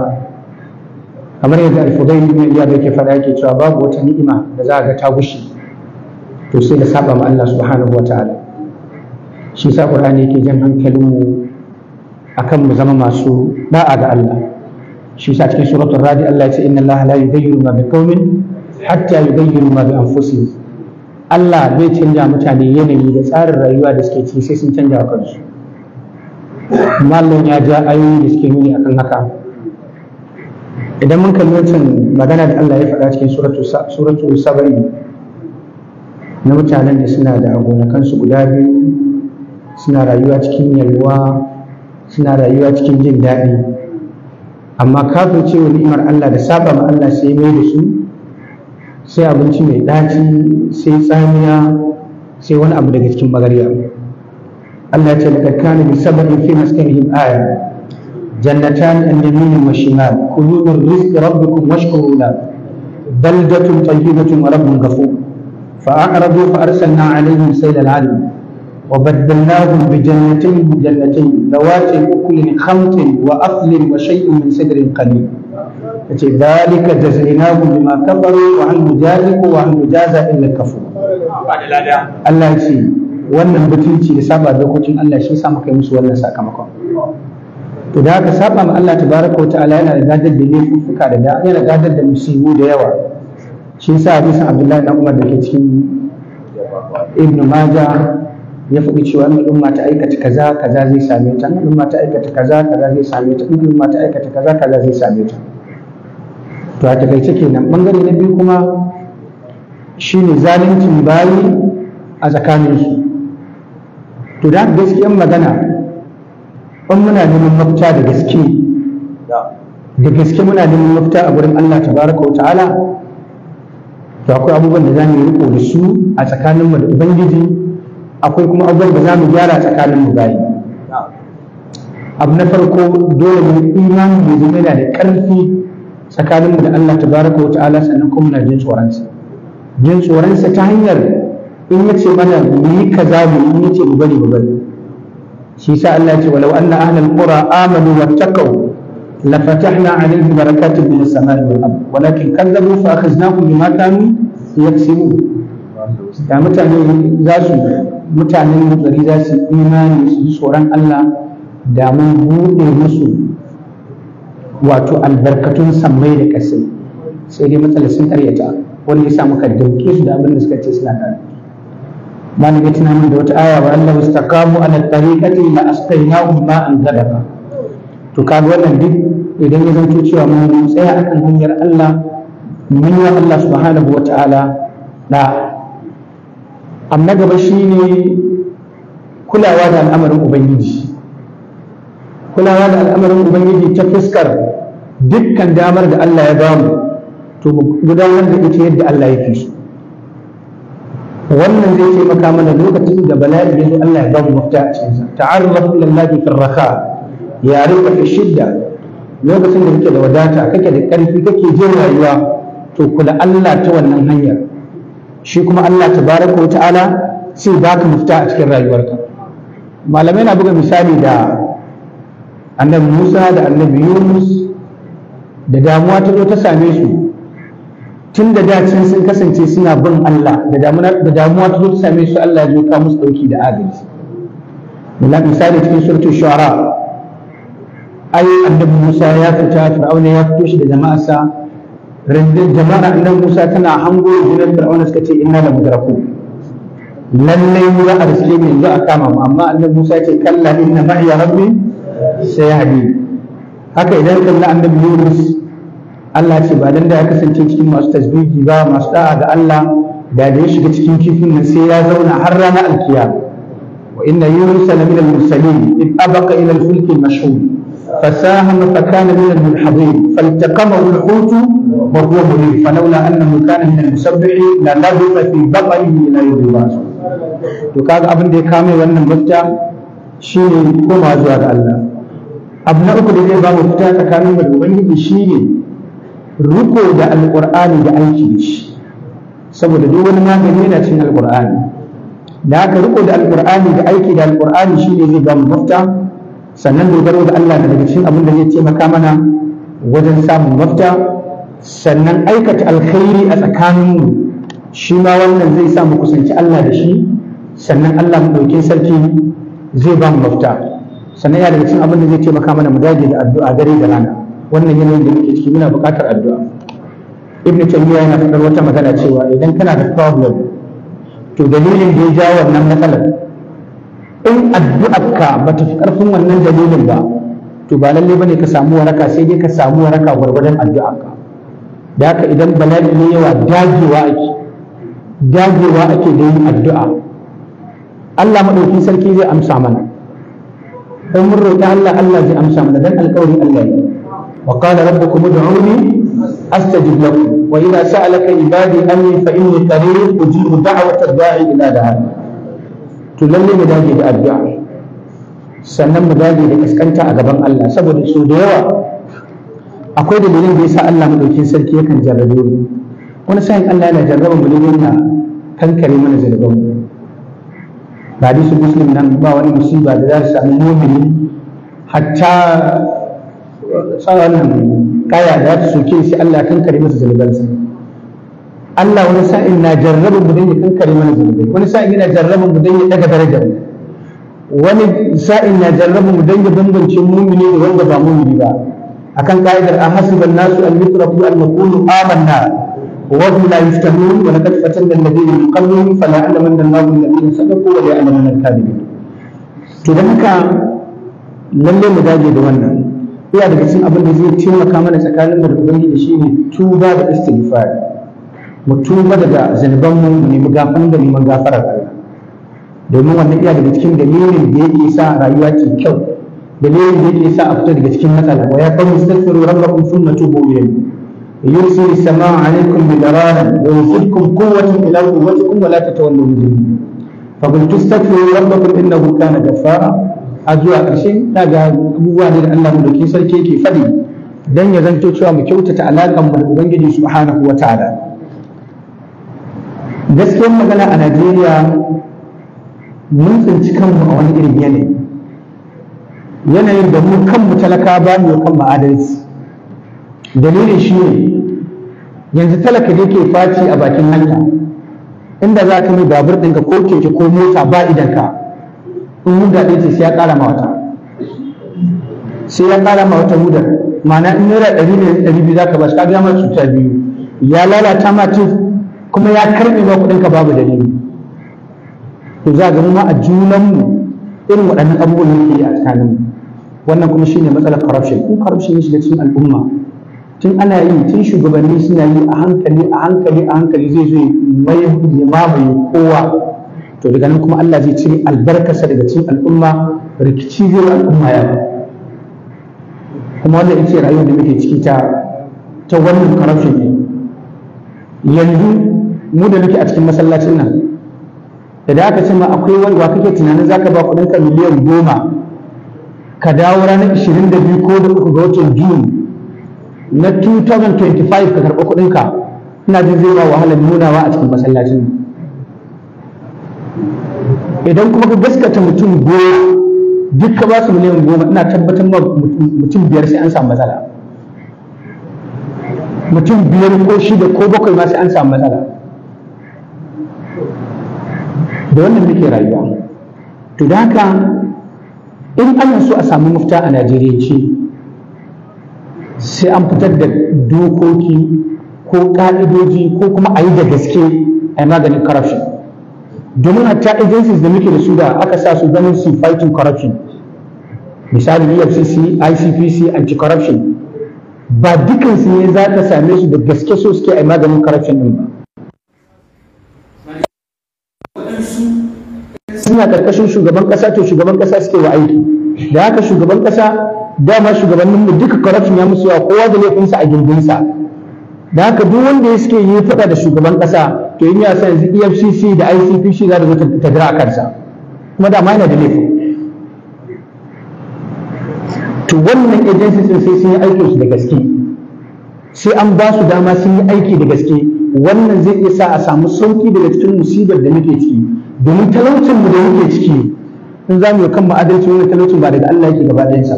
kamar yadda alfudai ne ya da yake fara yake cewa babu wata ni'ima da za ga ta gushi to sai da saba ma Allah subhanahu wa shi sa qur'ani yake jan hankalin mu akan mu zama masu da'a ga Allah shi sa cikin suratul radi Allah ya ce inna Allah la yughayyiru ma biqaumin hatta yughayyiru ma bi anfusihim Allah zai canja mutane yanayi da tsarin rayuwa da suke ci sai sun canja wa kansu mallon ya ja ayoyi da suke nuni akan haka idan mun kalli wancan magana da Allah ya faɗa cikin suratu sabari na mutanen da suna da gonakansu guda biyu suna rayuwa cikin yalwa suna rayuwa cikin jin daɗi amma kafin cewa ni'imar Allah da saba ma Allah sai mai da su sai abinci mai ɗaci sai tsamiya sai wani abu daga cikin magariya Allah ya ce laqad kana bi sabrin fi maskanihim aya jannatan an yamin wa shimal kulu min rizqi rabbikum washkuru la baldatun tayyibatun wa rabbun ghafur fa fa a'radu arsalna فأعرضوا فأرسلنا عليهم سيل العلم jannatin dawati جنتين khamtin wa aflin wa shay'in min sidrin qalil yace zalika jazainahu bima kafaru wa hal mujaziku wa hal mujaza illa kafur Allah ya ce wannan mutunci da saba dokokin Allah shi yasa muka yi musu wannan sakamakon to da haka saba ma Allah tabaraka wa ta'ala yana da gadar da laifuka da da yana gadar da musibu da yawa shi yasa hadisin Abdullahi dan Umar da ke cikin Ibn Majah ya faɗi cewa in umma ta aikata kaza kaza zai same ta in umma ta aikata kaza kaza zai same ta in umma ta aikata kaza kaza zai same ta to a takaice kenan bangare na biyu kuma shine zaluncin bayi a tsakanin su to da gaskiyan magana in muna neman mafita da gaske da gaske muna neman mafita a gurin Allah tabaraka wa ta'ala to akwai abubuwan da za mu riko da su a tsakaninmu da ubangiji akwai kuma abubuwan da za mu gyara a tsakaninmu bayi abu na farko dole mu imani mu zama da ƙarfi tsakaninmu da Allah tabaraka wa ta'ala sannan kuma muna jin tsoronsa jin tsoronsa ta hanyar in yace mana mu yi kaza mu in yace mu bari mu bari shi sa Allah ya ce walau anna ahlal qura amanu wattaqu لفتحنا عليهم بركات من السماء والأرض ولكن كذبوا فأخذناهم بما كانوا يكسبون da mutane za su mutanen gari za su imani su tsoron Allah da mun buɗe musu wato albarkatun sammai da kasin, sai dai matsalar sun karyata wani ya sa muka dauke su da abin da suka ce suna da malami ga min da wata aya ba Allah istaqamu ala tariqati la asqaynahum ma'an ghadaba to kaga wannan duk idan ya zanto cewa mun tsaya akan hanyar Allah mun wa Allah subhanahu wata'ala da amma gaba shine kulawa da al'amarin ubangiji kulawa da al'amarin ubangiji ta fuskar dukkan damar da Allah ya bamu to gudanar da ita yadda Allah ya fi wannan zai taimaka mana lokacin da bala'i ya zo Allah ya bamu mafita a cikin sa. ta'arrafu lillahi fi raka ya rinka fi shidda lokacin da kake da wadata kake da karfi kake jin rayuwa to kula Allah ta wannan hanyar shi kuma Allah tabaraka wa ta'ala sai baka mafita a cikin rayuwarka malamai na buga misali da annabi Musa da annabi Yunus da damuwa ta zo ta same su tun da dace sun kasance suna bin Allah da damuwa ta zo ta same su Allah ya zo ka musu dauki da agaji misali cikin surtu shu'ara ai annabi Musa ya fita Fir'auna ya fito shi da jama'arsa rindin jama'a annabi Musa tana hango jinan Fir'auna suka ce inna la mudraku lallai mu za a riske ne yanzu a kama mu amma annabi Musa ya ce kalla inna ma'iya rabbi sai ya hadi haka idan kalla annabi Yunus Allah ce ba dan da ya kasance cikin masu tasbihi ba masu da'a ga Allah da da ya shiga cikin kifin nan sai ya zauna har rana alkiya. wa inna yunus la min al-mursalin id abaqa ila al-fulk al-mashhud فساهم فكان من المنحضين فالتقمه الحوت وهو مليم فلولا انه كان من المسبحين لنبذ في بطنه الى يوم يبعث to kaga abin da ya kame wannan mutta shine koma zuwa ga Allah abu na uku da zai ba mu fita tsakanin mu da ubangiji shine riko da alƙur'ani da aiki da shi saboda duk wani magani yana cin alƙur'ani da haka riko da alƙur'ani da aiki da alƙur'ani shine zai bamu mu mafita sannan dogaro da Allah daga cikin abin da zai taimaka mana wajen samun mafita sannan aikata alkhairi a tsakaninmu shi ma wannan zai sa mu kusanci Allah da shi sannan Allah mu ɗauki sarki zai bamu mu mafita sannan yana daga cikin abin da zai taimaka mana mu dage da addu'a dare da rana wannan yanayin da muke ciki muna buƙatar addu'a ibnu taymiya yana faɗar wata magana cewa idan kana da problem to dalilin da ya ja wannan matsalar in addu'arka ba ta fi ƙarfin wannan dalilin ba to ba lalle bane ka samu waraka sai dai ka samu waraka gwargwadon addu'arka da haka idan bala'i ne yawa dagewa ake dagewa ake da yin addu'a Allah maɗauki sarki zai amsa mana in mun roƙi Allah Allah zai amsa mana dan alƙawari Allah ne وقال ربكم ادعوني استجب لكم واذا سالك عبادي اني فاني قريب اجيب دعوه الداعي الى دعاء تلمي da addu'a sannan mu dage da kaskanta a gaban Allah saboda su da yawa akwai dalilin da yasa Allah madaukin sarki yakan jarrabe mu wani sa'in Allah yana jarraba mu ne yana kankare mana zargan mu ba su muslim nan ba wani musiba da za su sami mu'mini hatta tsawon kaya da ta ke shi Allah kan kare masa zunubansa Allah wani sa'in na jarrabin mu dan ya kan kare mana zunubai wani sa'in yana jarrabin mu dan ya daga darajar wani sa'in na jarrabin mu dan ya bambance mumini da wanda ba mumini ba akan ka'idar ahasiban nasu an yutrafu an naqulu amanna wa hum la yuftanun wa laqad fatanna alladhina min qablihim fala alamanna Allahu alladhina sadaqu wa la alamanna al-kadhibin to dan haka lalle mu dage da wannan ya daga cikin abin da zai taimaka mana tsakanin mu da ubangiji shine tuba da istighfar mu tuba daga zanuban mu mu nemi gafan da neman gafarar Allah domin wannan iya daga cikin dalilin da yake sa rayuwa ke kyau dalilin da yake sa a fita daga cikin matsala wa ya qawmi istaghfiru rabbakum thumma tubu ilayhi يرسل السماء عليكم بدرارا bidarara قوة إلى قوتكم ولا تتولوا wa فقلت استغفروا ربكم إنه كان غفارا A zuwa ƙarshe na ga abubuwa ne da Allah mu sarki yake faɗi dan ya zanto cewa mu kyautata alaƙar mu da Ubangiji subhanahu wa ta'ala gaskiyar magana a Najeriya mun tsinci kanmu a wani irin yanayi yanayin da mu kanmu talaka ba mu kan adalci dalilin shi ne yanzu talaka da ke faci a bakin hanya inda za ka yi babur ɗinka ko keke ko mota ba idan ka. in huda ɗaya ce sai ya ƙara ma wata sai ya ƙara ma wata hudar ma'ana in naira ɗari ne ɗari biyu za ka ba shi kaga ma cuta biyu ya lalata ma tif kuma ya karɓe ma kuɗinka babu dalili to za ga mu ma a junanmu irin waɗannan abubuwan da ke a tsakaninmu wannan kuma shine matsalar corruption in corruption ya shiga cikin al'umma tun ana yi tun shugabanni suna yi a hankali a hankali a hankali zai zo ya mamaye kowa to daga nan kuma Allah zai cire albarkarsa daga cikin al'umma rikici zai al'umma ya ba kuma wannan ita ce rayuwar da muke ciki ta ta wannan corruption ne yanzu mu da muke a cikin masallacin nan da da aka ce ma akwai wani wa kake tunanin zaka ba kuɗin ka miliyan goma ka dawo ranar ishirin da biyu ko da uku ga watan June na 2025 ka karɓi kuɗinka ina jin zai ba wahala nunawa a cikin masallacin nan idan kuma ka gaskata mutum goma duk ka ba su miliyan goma ina tabbatar ma mutum biyar sai an samu matsala mutum biyar ko shida ko bakwai ma sai an samu matsala da wannan muke rayuwa to da haka in ana so a samu mafita a najeriya ce sai an fitar da dokoki ko ka'idoji ko kuma a yi da gaske a yi maganin corruption domin hatta agencies da muke da su da aka sa su ganin su fighting corruption misali efcc icpc anti-corruption ba dukansu ne za ka same su da gaske so suke a maganin corruption din ba suna karkashin shugaban kasa to shugaban kasa suke wa aiki da haka shugaban kasa dama mu duka corruption ya musu yawa kowa da laifinsa a gindinsa da haka duk wanda ya suke yi faɗa da shugaban ƙasa to in ya san yanzu efcc da shi za da zo ta jira a kansa kuma da ma yana da laifin to wannan agency sun sai sun yi aikin su da gaske sai an ba su dama sun yi aiki da gaske wannan zai iya sa a samu sauki daga cikin musibar da muke ciki domin talaucin mu da muke ciki in za mu yi kan adalci wani talaucin ba daga Allah yake gaba ɗayansa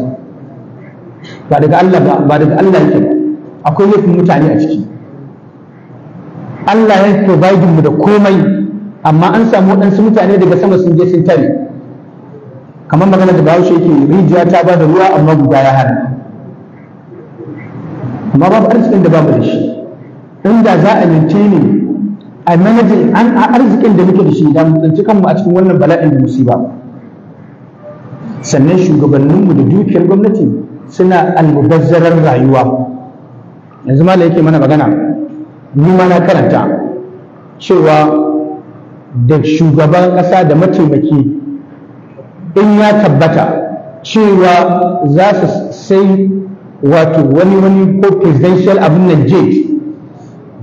ba daga Allah ba daga Allah yake ba akwai laifin mutane a ciki Allah ya provide mu da komai amma an samu waɗansu mutane daga sama sun je sun tare kamar magana da bahaushe yake rijiya ta ba da ruwa amma guga ya hana amma babu arzikin da babu da shi inda za a ne a manajin an a arzikin da muke da shi da mu kanmu a cikin wannan bala'in da musiba sannan shugabanninmu da dukiyar gwamnati suna almubazzarar rayuwa yanzu ma yake mana magana ni ma na karanta cewa da shugaban ƙasa da mataimaki in ya tabbata cewa za su sai wato wani wani ko presidential abin nan je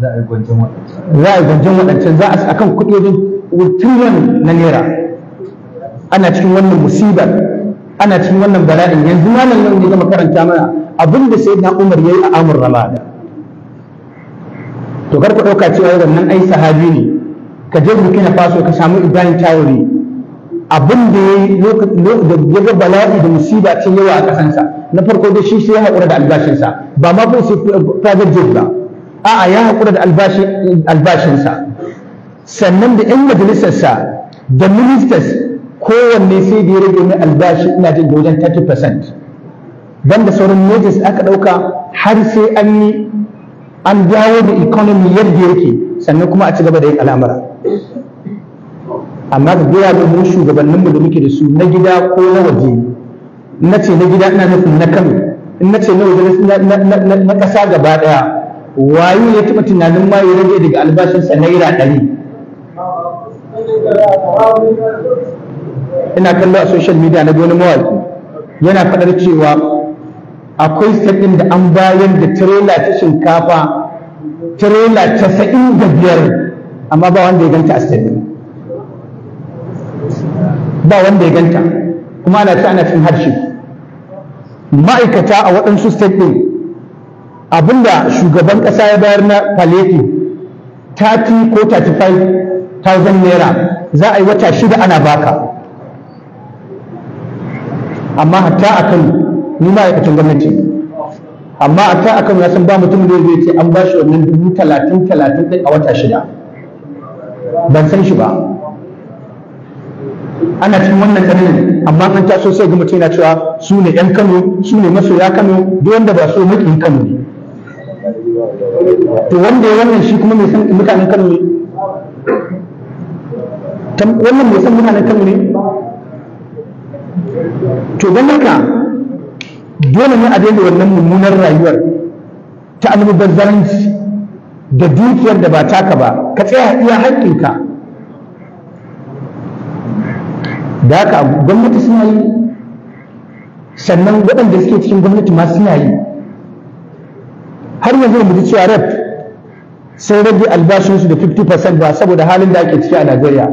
za a yi waɗancan za a akan kudurin wajen na naira ana cikin wannan musibar ana cikin wannan bala'in yanzu malam nan ne zama karanta mana abin da sai na umar yayi a amur ramada to kar ka ɗauka cewa nan ai sahabi ne ka je burkina faso ka samu ibrahim tawuri abin da ya ga bala'i da musiba ce yawa a kasansa na farko da shi sai ya haƙura da albashinsa ba ma ko sai uh, private jirgi ba a'a ya haƙura da albashinsa sannan da 'yan majalisarsa da ministers kowanne sai da ya rage mai albashi ina jin da wajen 30% banda sauran majors aka ɗauka har sai an yi an dawo da economy yadda yake sannan kuma a ci gaba da yin al'amura amma ga gaya da mu shugabanninmu da muke da su na gida ko na waje na ce na gida ina nufin na kano in na ce na waje na ƙasa gaba ɗaya wayo ya taɓa tunanin ma ya rage daga albashinsa naira ɗari ina kallo a social media na gona mawaki yana faɗar cewa akwai sakin da an bayar da tirela ta shinkafa tirela sa'in da biyar amma ba wanda ya ganta a stadium ba wanda ya ganta kuma ana ta ana cin harshe ma'aikata a waɗansu state ɗin abinda shugaban ƙasa ya bayar na paleti 30 ko 35,000 naira za a yi wata shida ana baka amma hatta a kan ni ma'aikacin gwamnati amma a kan akan ya san ba mutum da zai ce an ba shi wannan dubu talatin talatin ɗin a wata shida ban san shi ba ana cikin wannan ƙarnin amma an taso sai ga mutum yana cewa su ne 'yan kano su ne masoya kano duk wanda ba so mutum kano ne to wanda ya wannan shi kuma mai san mutanen kano ne wannan mai san mutanen kano ne to don haka dole ne a daina wannan mummunar rayuwar ta almubazzaranci da dukiyar da ba taka ba ka tsaya iya haƙƙinka da haka gwamnati suna yi sannan waɗanda suke cikin gwamnati ma suna yi har yanzu mu ji cewa rep sai rage albashinsu da 50% ba saboda halin da ake ciki a Najeriya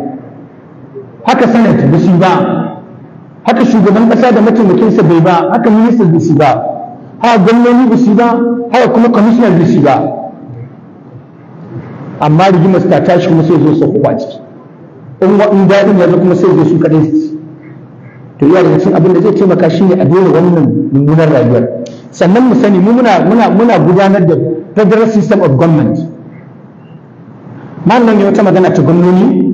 haka sanata ba ba haka shugaban kasa da mataimakinsa bai ba haka ministan da shi ba haka gwamnoni da shi ba haka kuma kwamishinan da shi ba amma rigimar ta tashi kuma sai zo su kuma ciki in wa'in daɗin yanzu kuma sai zo su kaɗai su to ya daga cikin abin da zai taimaka shi ne a daina wannan mummunar rayuwar sannan mu sani mu muna muna muna gudanar da federal system of government mallan ya wata magana ta gwamnoni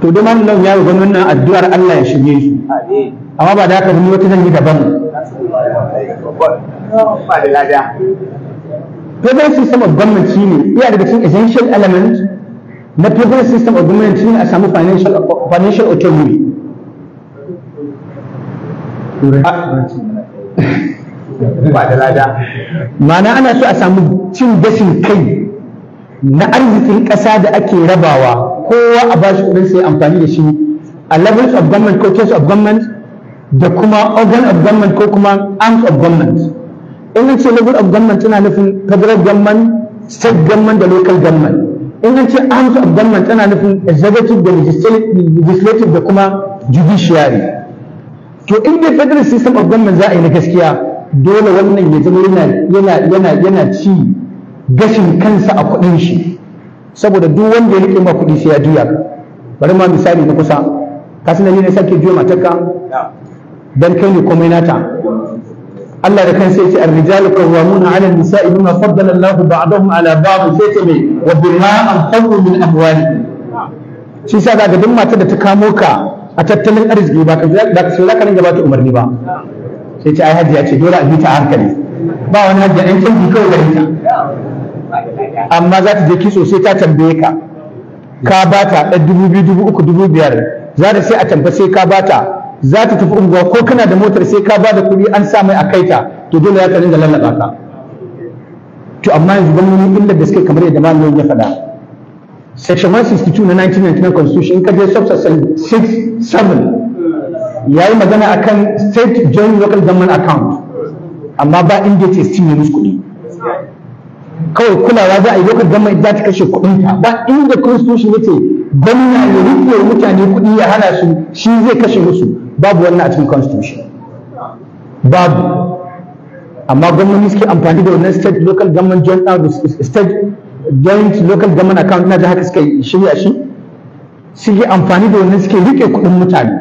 to da mallam ya rubuta wannan addu'ar Allah ya shige su amma ba da haka ni wata zan yi daban Federal system of government shi ne iya daga cikin essential element na federal system of government shi ne a samu financial autonomy Mana ana so a samu cin gashin kai na arzikin ƙasa da ake rabawa kowa a bashi kuɗin sai amfani da shi a levels of government ko case of government da kuma organ of government ko kuma arms of government in ce level of government tana nufin federal government state government da local government in an ce arms of government tana nufin executive da legislative da kuma judiciary to in dai federal system of government za a yi na gaskiya dole wannan ya zama yana yana yana ci gashin kansa a kudin shi saboda duk wanda ya rike ma kuɗi sai ya juya bari ma misali na kusa ka sanar ne sake juya matarka dan kai ne komai nata Allah da kansa yace ar rijal qawwamuna 'ala an-nisa'i bima faddala Allahu ba'dahum 'ala ba'd sai ce me wa bima anfaqu min ahwali shi sa ga duk matar da ta kamo ka a tattalin arziki ba ka sai za ka ringa ba ta umarni ba sai ce ai hajji ya ce dole a bi ta hankali ba wani hajji an canji kawai da ita amma za ta je kitso sai ta tambaye ka ka ba ta ɗan dubu biyu dubu uku dubu biyar za ta sai a tambaye sai ka ba ta, za ta tafi unguwa ko kana da motar sai ka ba da kuɗi an sa mai a kai ta, to dole ya ka ringa lallaɓa ka to amma yanzu gwamnoni inda da suke kamar yadda malamin ya faɗa section 162 na 1999 constitution in ka je subsection 67, 7 yayi magana akan state joint local government account amma ba inda ce cinye musu kuɗi kawai kulawa za a yi lokacin gama za ta kashe kuɗin ta ba inda constitution yace gwamna ya rufe mutane kuɗi ya hana su shi zai kashe musu babu wannan a cikin constitution babu amma gwamnati suke amfani da wannan state local government joint account state joint local government account na da haka suke shirya shi suke amfani da wannan suke rike kuɗin mutane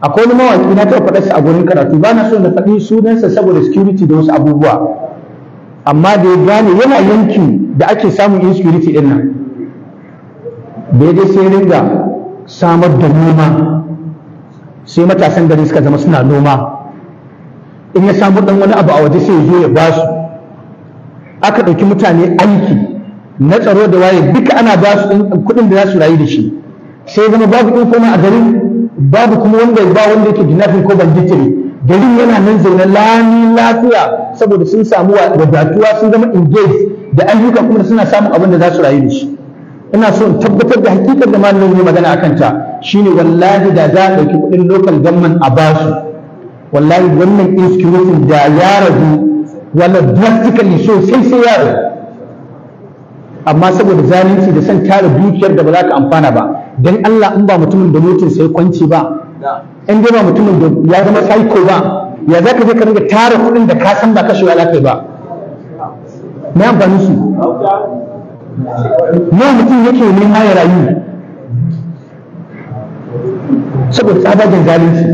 akwai wani mawaƙi na taɓa faɗarsa a gurin karatu ba na so na faɗi sunansa saboda security da wasu abubuwa amma da ya gane yana yanki da ake samun insecurity din nan dai sai ringa samar da noma sai matasan gari suka zama suna noma in ya samu dan wani abu a waje sai zo ya basu aka ɗauki mutane aiki na tsaro da waye duka ana ba su kuɗin da za su rayu da shi sai zama babu informa a garin babu kuma wanda ba wanda yake dinafin ko banditiri garin yana nan zaune lami lafiya saboda sun samu wadatuwa sun zama engage da ayyuka kuma suna samun abin da za su rayu da shi ina so in tabbatar da hakikar da malamin ne magana akan ta shine wallahi da za a ɗauki kuɗin local government a basu wallahi wannan insecurity da ya ragu wala drastically so sai sai ya ragu amma saboda zalunci da son tara dukiyar da ba za ka amfana ba dan Allah in ba mutumin da motin sai kwanci ba in dai ba mutumin da ya zama psycho ba ya za ka je ka ringa tara kuɗin da ka san ba kashewa za ka yi ba me amfanin su mutum yake nema ya rayu saboda tsabagen zalunci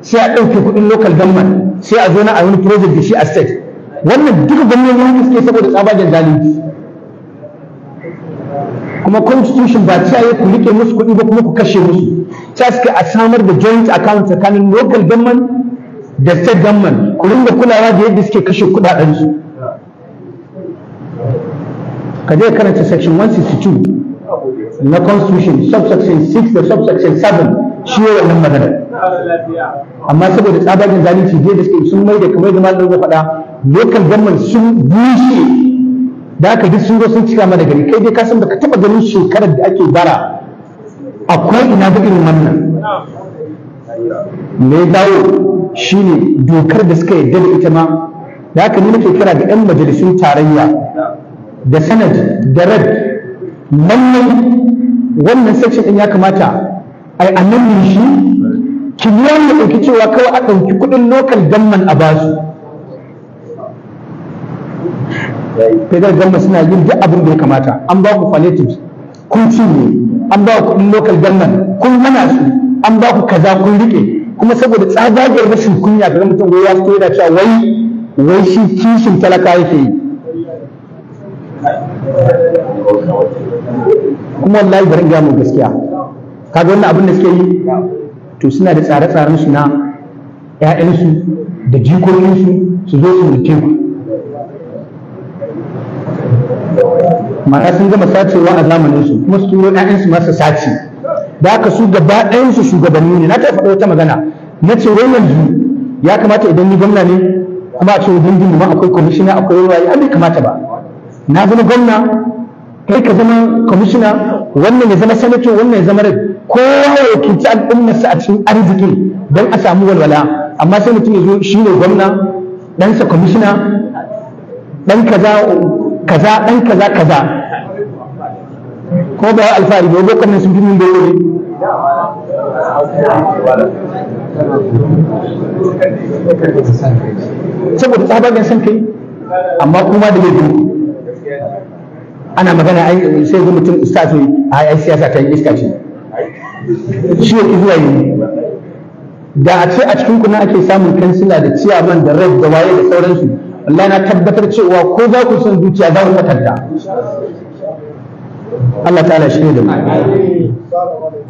sai a ɗauke kuɗin lokal government sai a zo na a wani project da shi a state wannan duka gwamnati suke saboda tsabagen zalunci kuma constitution ba ta yi ku rike musu kuɗi ba kuma ku kashe musu ta suka a samar da joint account tsakanin local government da state government ku rinda kulawa da yadda suke kashe kudaden su ka je karanta section 162 na constitution subsection 6 da subsection 7 shi wannan magana amma saboda tsabagen zalunci da suke sun mai da kamar da malamin ya faɗa local government sun bushe da aka ji sun sun cika mana gari kai dai ka san baka taba ganin shekarar da ake bara akwai ina da irin wannan me dawo shine dokar da suka yarda da ita ma da aka nuna kira ga 'yan majalisun tarayya da sanad da rad lallai wannan section ɗin ya kamata ai annabi shi kimiyyar da ɗauki cewa kawai a ɗauki kuɗin lokal damman a basu federal gamma suna yin duk abin da ya kamata an ba ku palliatives kun cinye an ba ku kuɗin local government kun mana su an ba ku kaza kun rike kuma saboda tsagagiyar rashin kunya ga mutum ya fito yana cewa wai wai shi kishin talaka yake yi kuma wallahi bari ga mu gaskiya kaga wannan abin da suke yi to suna da tsare-tsaren su na 'ya'yansu da jikokinsu su zo su mulke ku ma'ana sun gama sacewa a zamanin su kuma su turo ƴaƴan su masu sace da aka su gaba ɗayan su shugabanni ne na ta faɗo wata magana na ce wai yanzu ya kamata idan ni gwamna ne kuma a ce dindin ma akwai kwamishina akwai waye an bai kamata ba na zama gwamna kai ka zama kwamishina wannan ya zama sanato wannan ya zama rai kowa ya wakilci sa a cikin arziki don a samu walwala amma sai mutum ya zo shi ne gwamna ɗansa kwamishina ɗan kaza kaza dan kaza kaza ko ba alfahari ba ko kannan sun fi mun bayo ne saboda ga san kai amma kuma da laifin ana magana ai sai ga mutum ustazu ai ai siyasa ta iska ce shi yake zuwa yi da a ce a cikin kuna ake samun kansila da ciyaman da rai da waye da sauransu Allah na tabbatar cewa ko za ku san zuciya za ku fatarta Allah ta'ala shi ne da mu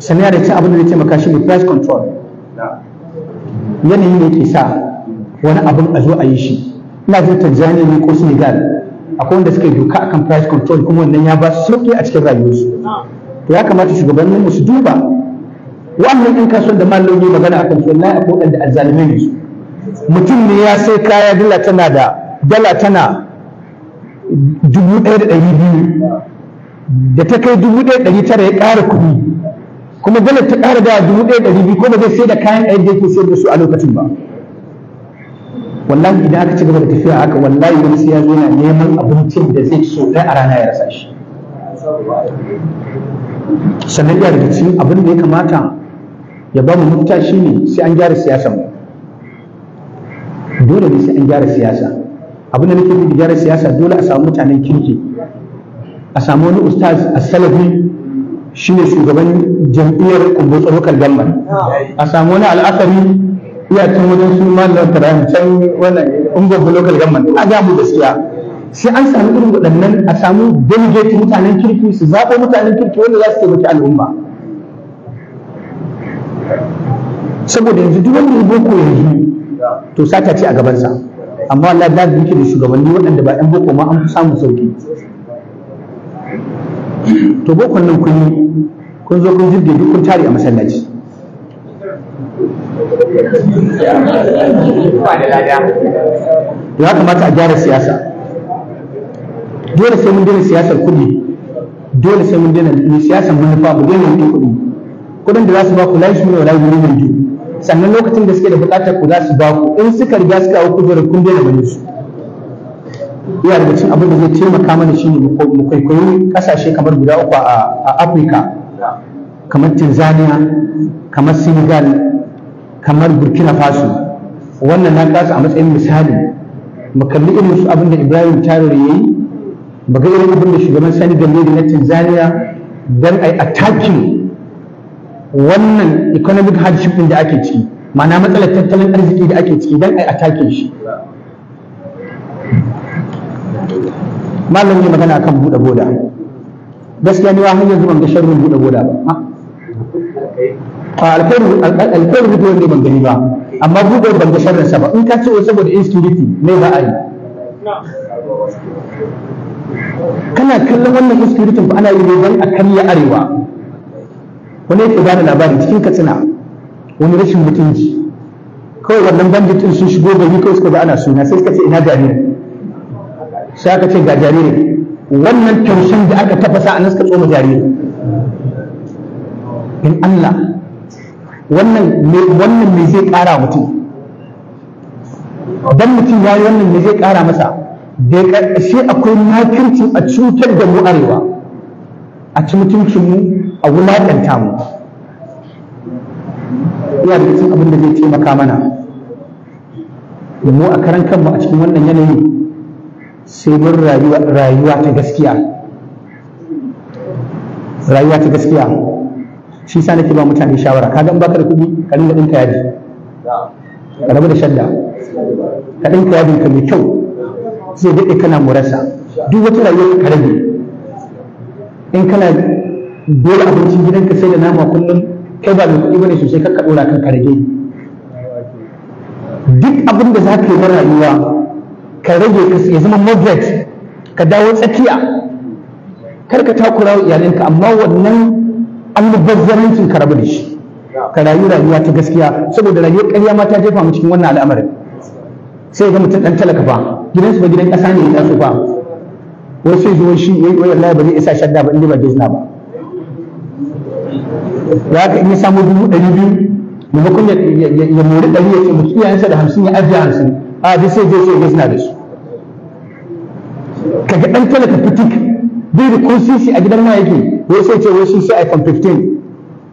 sannan da cin abin da zai taimaka shi ne price control yanayi ne ke sa wani abin a zo a yi shi ina zo Tanzania ne ko Senegal akwai wanda suka yi doka akan price control kuma wannan ya ba su sauki a cikin rayuwarsu to ya kamata shugabannin su duba wannan ɗin kasuwan da mallomi magana akan su wallahi akwai wanda azzalume ne su mutum ne ya sai kaya dila tana da dala tana dubu ɗaya da ɗari biyu da ta kai dubu ɗaya ɗari tara ya ƙara kuɗi kuma dala ta ƙara da dubu ɗaya ɗari biyu ko zai sai da kayan ɗaya da yake sayar da su a lokacin ba wallahi idan aka ci gaba da tafiya haka wallahi wani sai ya zo yana neman abincin da zai so ɗaya a rana ya rasa shi sannan ya daga cikin abin da ya kamata ya ba mu mutashi shi ne sai an gyara siyasa mu dole ne sai an gyara siyasa abin da nake bi gyara siyasa dole a samu mutanen kirki a samu wani ustaz a salafi shine shugaban jam'iyyar kumbotso lokal gamba a samu wani al'asari iya tun wajen su malam tarayim can wannan ungogo local gambar ina ga mu gaskiya sai an samu irin waɗannan a samu delegate mutanen kirki su zaɓo mutanen kirki wanda za su taimaki al'umma saboda yanzu duk wanda ya boko yanzu to sata ce a gabansa amma Allah dace yake da shugabanni waɗanda ba 'yan boko ma an fi samun sauki to bokon nan kun kun zo kun jirge duk kun tare a masallaci ya kamata a gyara siyasa dole sai mun daina siyasar kuɗi dole sai mun daina siyasar manufa mu daina kuɗi kuɗin da za su ba ku layi shi ne wa layi ne mai sannan lokacin da suke da buƙatar ku za su ba ku in suka riga suka hau kujerar kun daina ganin su yana daga cikin abin da zai taimaka mana shine mu kwaikwayi ƙasashe kamar guda uku a Afirka kamar Tanzania kamar Senegal kamar Burkina Faso wannan na kasa a matsayin misali mu kalli irin su abin da Ibrahim ya yayi mu ga irin abin da shugaban Senegal ne da na Tanzania dan ai attacking wannan economic hardship din da ake ciki ma'ana matsalar tattalin arziki da ake ciki dan ai atake shi malam ne magana akan buɗe boda gaskiya ne wa yanzu ban ga sharrin buɗe boda ba alkhairu buɗe wanda ban gani ba amma buɗe ban ga sharrin sa ba in ka ce saboda insecurity me za a yi kana kallon wannan insecurity ba ana yi ne dan a karya arewa wani yake gane labari cikin katsina wani rashin mutunci kawai wannan bandit sun shigo gari kawai suka ga ana suna sai suka ce ina jariri sai aka ce ga jariri wannan taushen da aka tafasa a nan suka tsoma jariri in Allah wannan wannan me zai kara mutum dan mutum ya yi wannan me zai kara masa da shi akwai makircin a cutar da mu arewa a ci mutuncinmu a wulaƙanta mu ya da cikin abin da zai taimaka mana mu a karan kanmu a cikin wannan yanayi sai mun rayuwa ta gaskiya rayuwa ta gaskiya shi sa nake ba mutane shawara kaga in baka da kuɗi ka dinga ɗinka yadi ka rabu da shadda ka ɗinka yadin ka mai kyau zai daɗe kana murasa duk wata rayuwa ka rage in kana dole abincin gidanka sai da nama kullum kai ba da kuɗi bane sosai kakka ɗora kan karage duk abin da za ka yi rayuwa ka rage ya zama moderate ka dawo tsakiya kar ka takura wa iyalinka amma wannan almubazzarancin ka rabu da shi ka rayu rayuwa ta gaskiya saboda rayuwar ƙarya ma ta jefa mu cikin wannan al'amarin sai ga mutum ɗan talaka fa gidansu ba gidan ƙasa ne ya tsufa wasu yi shi ya yi wallahi ba zai isa shadda ba inda ba zina ba ya ka iya samu dubu ɗari biyu maimakon ya mori ɗari ya ce mutum yayansa da hamsin ya ajiye hamsin a ji sai zai sai zina da su Ka ga ɗan talaka fitik bai da ko sisi a gidan ma yake wai sai ce wai sun sai iphone 15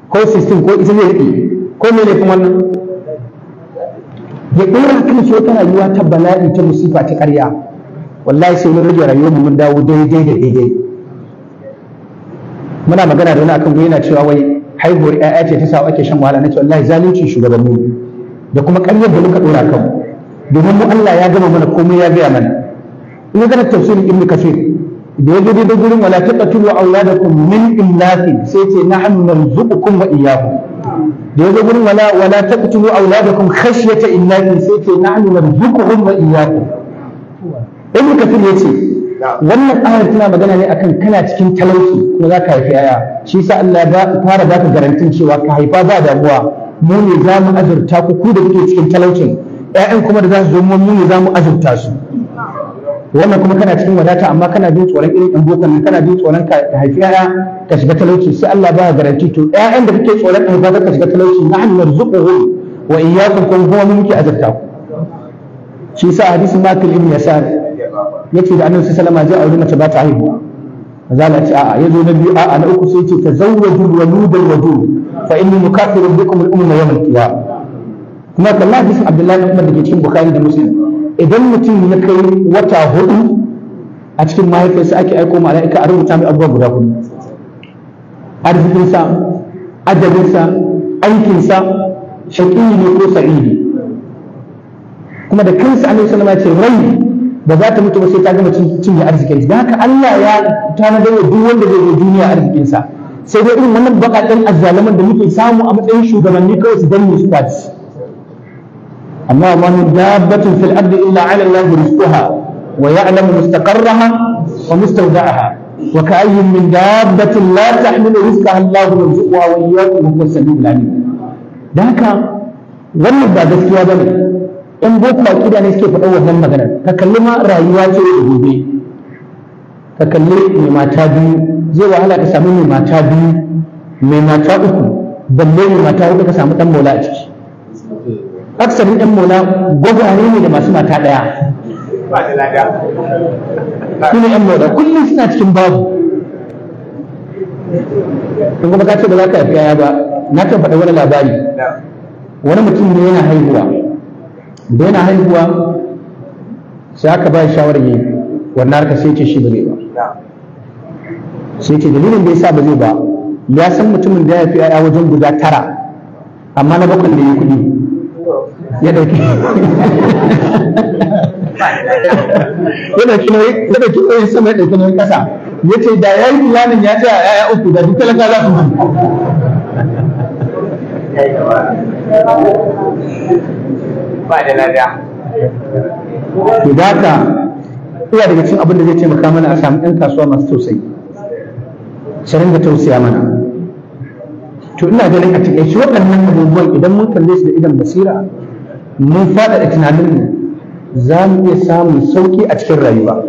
ko 16 ko ita zai riƙe ko ne kuma wannan ya ɗora kan shi wata rayuwa ta bala'i ta musifa ta ƙarya wallahi sai mun rage rayuwar mu mun dawo daidai da daidai muna magana da wani akan yana cewa wai haihuwar ƴaƴa ce ta sa ake shan wahala nace wallahi zalunci shugabanni da kuma ƙaryar da muka dora kan domin mu Allah ya gama mana komai ya gaya mana in ga tafsirin ibn kasir da ya daidai gurin wala taqtulu auladakum min illahi sai ce na'am narzuqukum wa iyyakum da ya gurin wala wala taqtulu auladakum khashyata illahi sai ce na'am narzuquhum wa iyyakum ibn kafir ya ce wannan ayar tana magana ne akan kana cikin talauci kuma za ka haifi aya. shi sa Allah ya fara ka garantin cewa ka haifa ba damuwa mu ne za mu azurta ku ku da kuke cikin talaucin ƴaƴan kuma da za su zo mu ne za mu azurta su wannan kuma kana cikin wadata amma kana jin tsoron irin ɗan bokan nan kana jin tsoron ka haifi aya ka shiga talauci sai Allah ba garanti to ƴaƴan da kuke tsoron ka haifa ka shiga talauci na hannun narzuquhum wa iyyakum kuma mu muke azurta ku shi sa hadisin Malik ya Yasar yace da annabi sallallahu alaihi wasallam aure mace ba ta haihuwa maza Allah ce a'a yazo na biyu a'a na uku sai ce ta tazawwaju waludan wadud fa inni mukafirun bikum al-umma yawm al-qiyamah kuma kalla hadisin Abdullahi ibn da ke cikin Bukhari da Muslim idan mutum ya kai wata hudu a cikin mahaifiyarsa ake aiko mala'ika a rubuta mai abubuwa guda hudu arzikinsa adabinsa aikinsa shaƙi ne ko sa'idi kuma da kansa annabi ya ce rai ba za ta mutu ba sai ta gama cinye arzikin da haka Allah ya tanadar da duk wanda zai zo duniya arzikin sa sai dai irin wannan bakaɗen azzaluman da muke samu a matsayin shugabanni kawai su danne su ba amma wa min dabbatin fil ardi illa ala Allah rizquha wa ya'lamu mustaqarraha wa mustawda'aha wa ka'ayyin min dabbatin la tahmilu rizqaha Allah wa iyyakum wa huwa 'alim da haka wannan ba gaskiya bane in boko akida ne suke faɗa wannan magana, ka kalli ma rayuwa ce da gobe ka kalli mai mata biyu zai wahala ka samu mai mata biyu mai mata uku balle mai mata uku ka samu dan mola a ciki aksarin dan mola gwagware ne da masu mata ɗaya su ne yan mola kullum suna cikin babu in kuma ka ce ba za ka haifi yaya ba na can faɗa wani labari wani mutum ne yana haihuwa daina haihuwa sai aka ba shawarar yi wannan harka sai ce shi ba zai ba sai ce dalilin da yasa ba zai ba ya san mutumin da ya fi yaya wajen guda tara amma na bakwai da ya kuɗi ya ɗauki ya dauki nauyi ya ɗauki sama ya ɗauki nauyi ƙasa ya ce da ya yi planin ya tsaya yaya uku da duk talaka za su ba da lada to daga cikin abin da zai taimaka mana a samu ɗan kasuwa masu tausayi su da tausaya mana to ina ganin a cikin shi waɗannan abubuwan idan mun kalle su da idan basira mun faɗaɗa tunaninmu za mu iya samun sauƙi a cikin rayuwa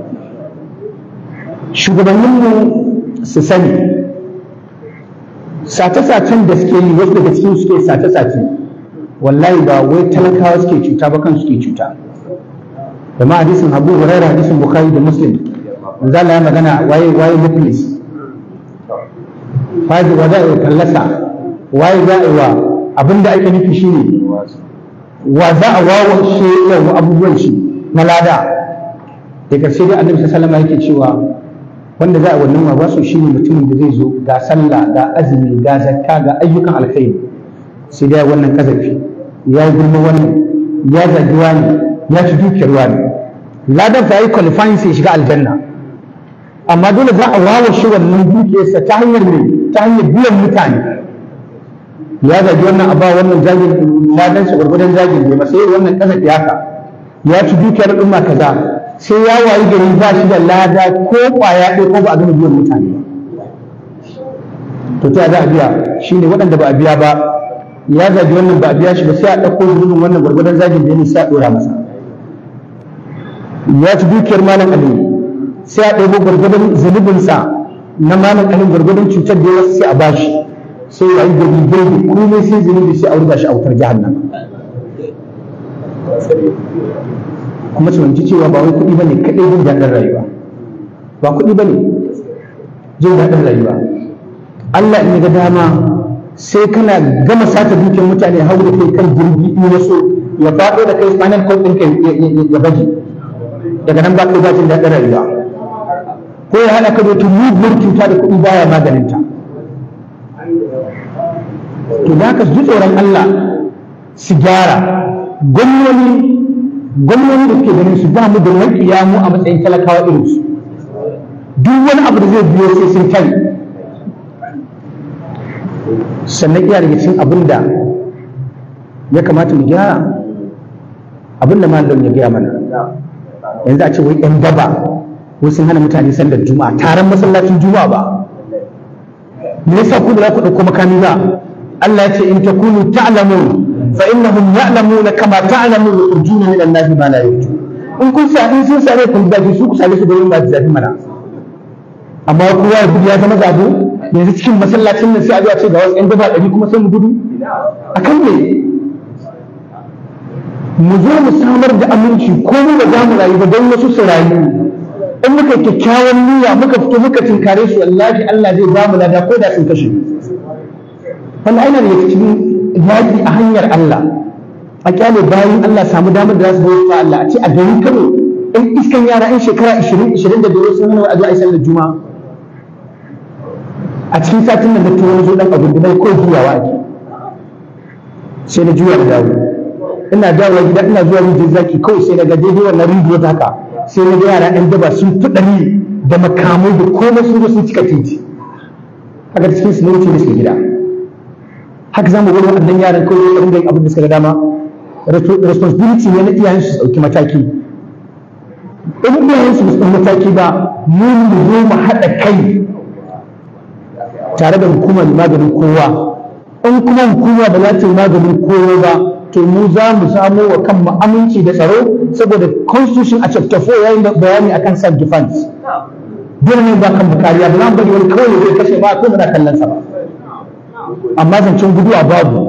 shugabanninmu su sani sace-sacen da suke yi wasu daga cikin suke sace-sace wallahi ba wai talakawa suke cuta ba kansu suke cuta kuma hadisin abu hurairah hadisin bukhari da muslim manzo Allah ya magana waye waye muflis faji wada ya kallasa waye za wa abinda ake nufi shine wa za a wawo shi abubuwan shi na lada da karshe dai annabi sallallahu alaihi yake cewa wanda za a wannan ba basu shine mutumin da zai zo ga sallah ga azumi ga zakka ga ayyukan alkhairi sai dai wannan kazafi ya girma wani ya zagi wani ya ci dukiyar wani ladan fa yi qualifying sai shiga aljanna amma dole za a wawo shi wannan dukiyarsa ta hanyar ne ta hanyar biyan mutane ya zagi wannan ba wannan zagin ladan shi gurgudan zagin ne sai wannan kasa iyaka ya ci dukiyar umma kaza sai ya wayi gari ba shi da lada ko kwaya ɗaya ko ba a gama biyan mutane ba to ta za a biya shine waɗanda ba a biya ba ya zagi wannan ba a biya shi ba sai a ɗauko zunubin wannan gwargwadon zagin da ya nisa ɗora masa ya ci dukiyar malam Ali sai a ɗauko gwargwadon zunubinsa na malam Ali gwargwadon cutar da ya sai a bashi sai ya yi gari gari kuma sai zunubi sai a wurga shi a wutar jahannam kuma su wanci cewa ba wai kuɗi ba ne kaɗai jin daɗin rayuwa ba kuɗi ba ne jin daɗin rayuwa Allah in ga dama sai kana gama sata dukiyar mutane hau da kai kan jirgi in ya so ya faɗo da kai spinal cord ɗinka ya baje daga nan ba kai ba jin daɗin rayuwa ko ya hana ka dokin muguwar cuta da kuɗi baya maganinta to da ka ji tsoron Allah su gyara gwamnoni gwamnoni da suke ganin su ba mu da wani mu a matsayin talakawa irinsu duk wani abu da zai biyo sai sun kai sannan iya daga cikin abin da ya kamata mu gyara abin da malam ya gaya mana yanzu a ce wai yan daba ko sun hana mutane sanda juma'a taron masallacin juma'a ba me yasa ku da ku dauko makami ba Allah ya ce in takunu ta'lamun fa innahum ya'lamuna kama ta'lamun yurjuna min annabi ma la yuju in kun sa in sun sare kun da su ku sare su da yin ba zafi mana amma kowa ya zama zabo yanzu cikin masallacin nan sai a zuwa ce ga wasu yan daba ɗari kuma sai mu gudu a kan ne mu zo mu samar da aminci ko mu ba za mu rayu ba don wasu su rayu in muka kyakkyawan niyya muka fito muka tinkare su wallahi Allah zai ba mu lada ko da sun kashe wannan aina ne cikin yaƙi a hanyar Allah a kyale bayan Allah samu damar da za su bauta Allah a ce a gari Kano in iskan yara in shekara 20 25 sun nuna a a isan da juma'a a cikin satin nan da wani zo dan abin da mai ko juyawa ake sai na juya da dawo ina dawowa gida ina zuwa rijiyar zaki kawai sai na ga daidai wannan rijiyar haka sai na ga yara ɗan daba sun fiɗa ni da makamai da komai sun zo sun cika titi haka cikin su ne wuce da gida haka zamu wani waɗannan yaran kawai su ringa yin abin da suka ga dama responsibility ne na iyayen su ɗauki mataki in iyayen su ɗauki mataki ba mu mu zo mu haɗa kai tare da hukumar maganin kowa in kuma hukuma ba za ta yi maganin kowa ba to mu za mu samo wa kanmu aminci da tsaro saboda constitution a chapter 4 yayin da bayani akan self defense dole ne ba kan bukariya ba nan bari wani kawai zai kashe ba ko muna kallon sa ba amma zancen guduwa babu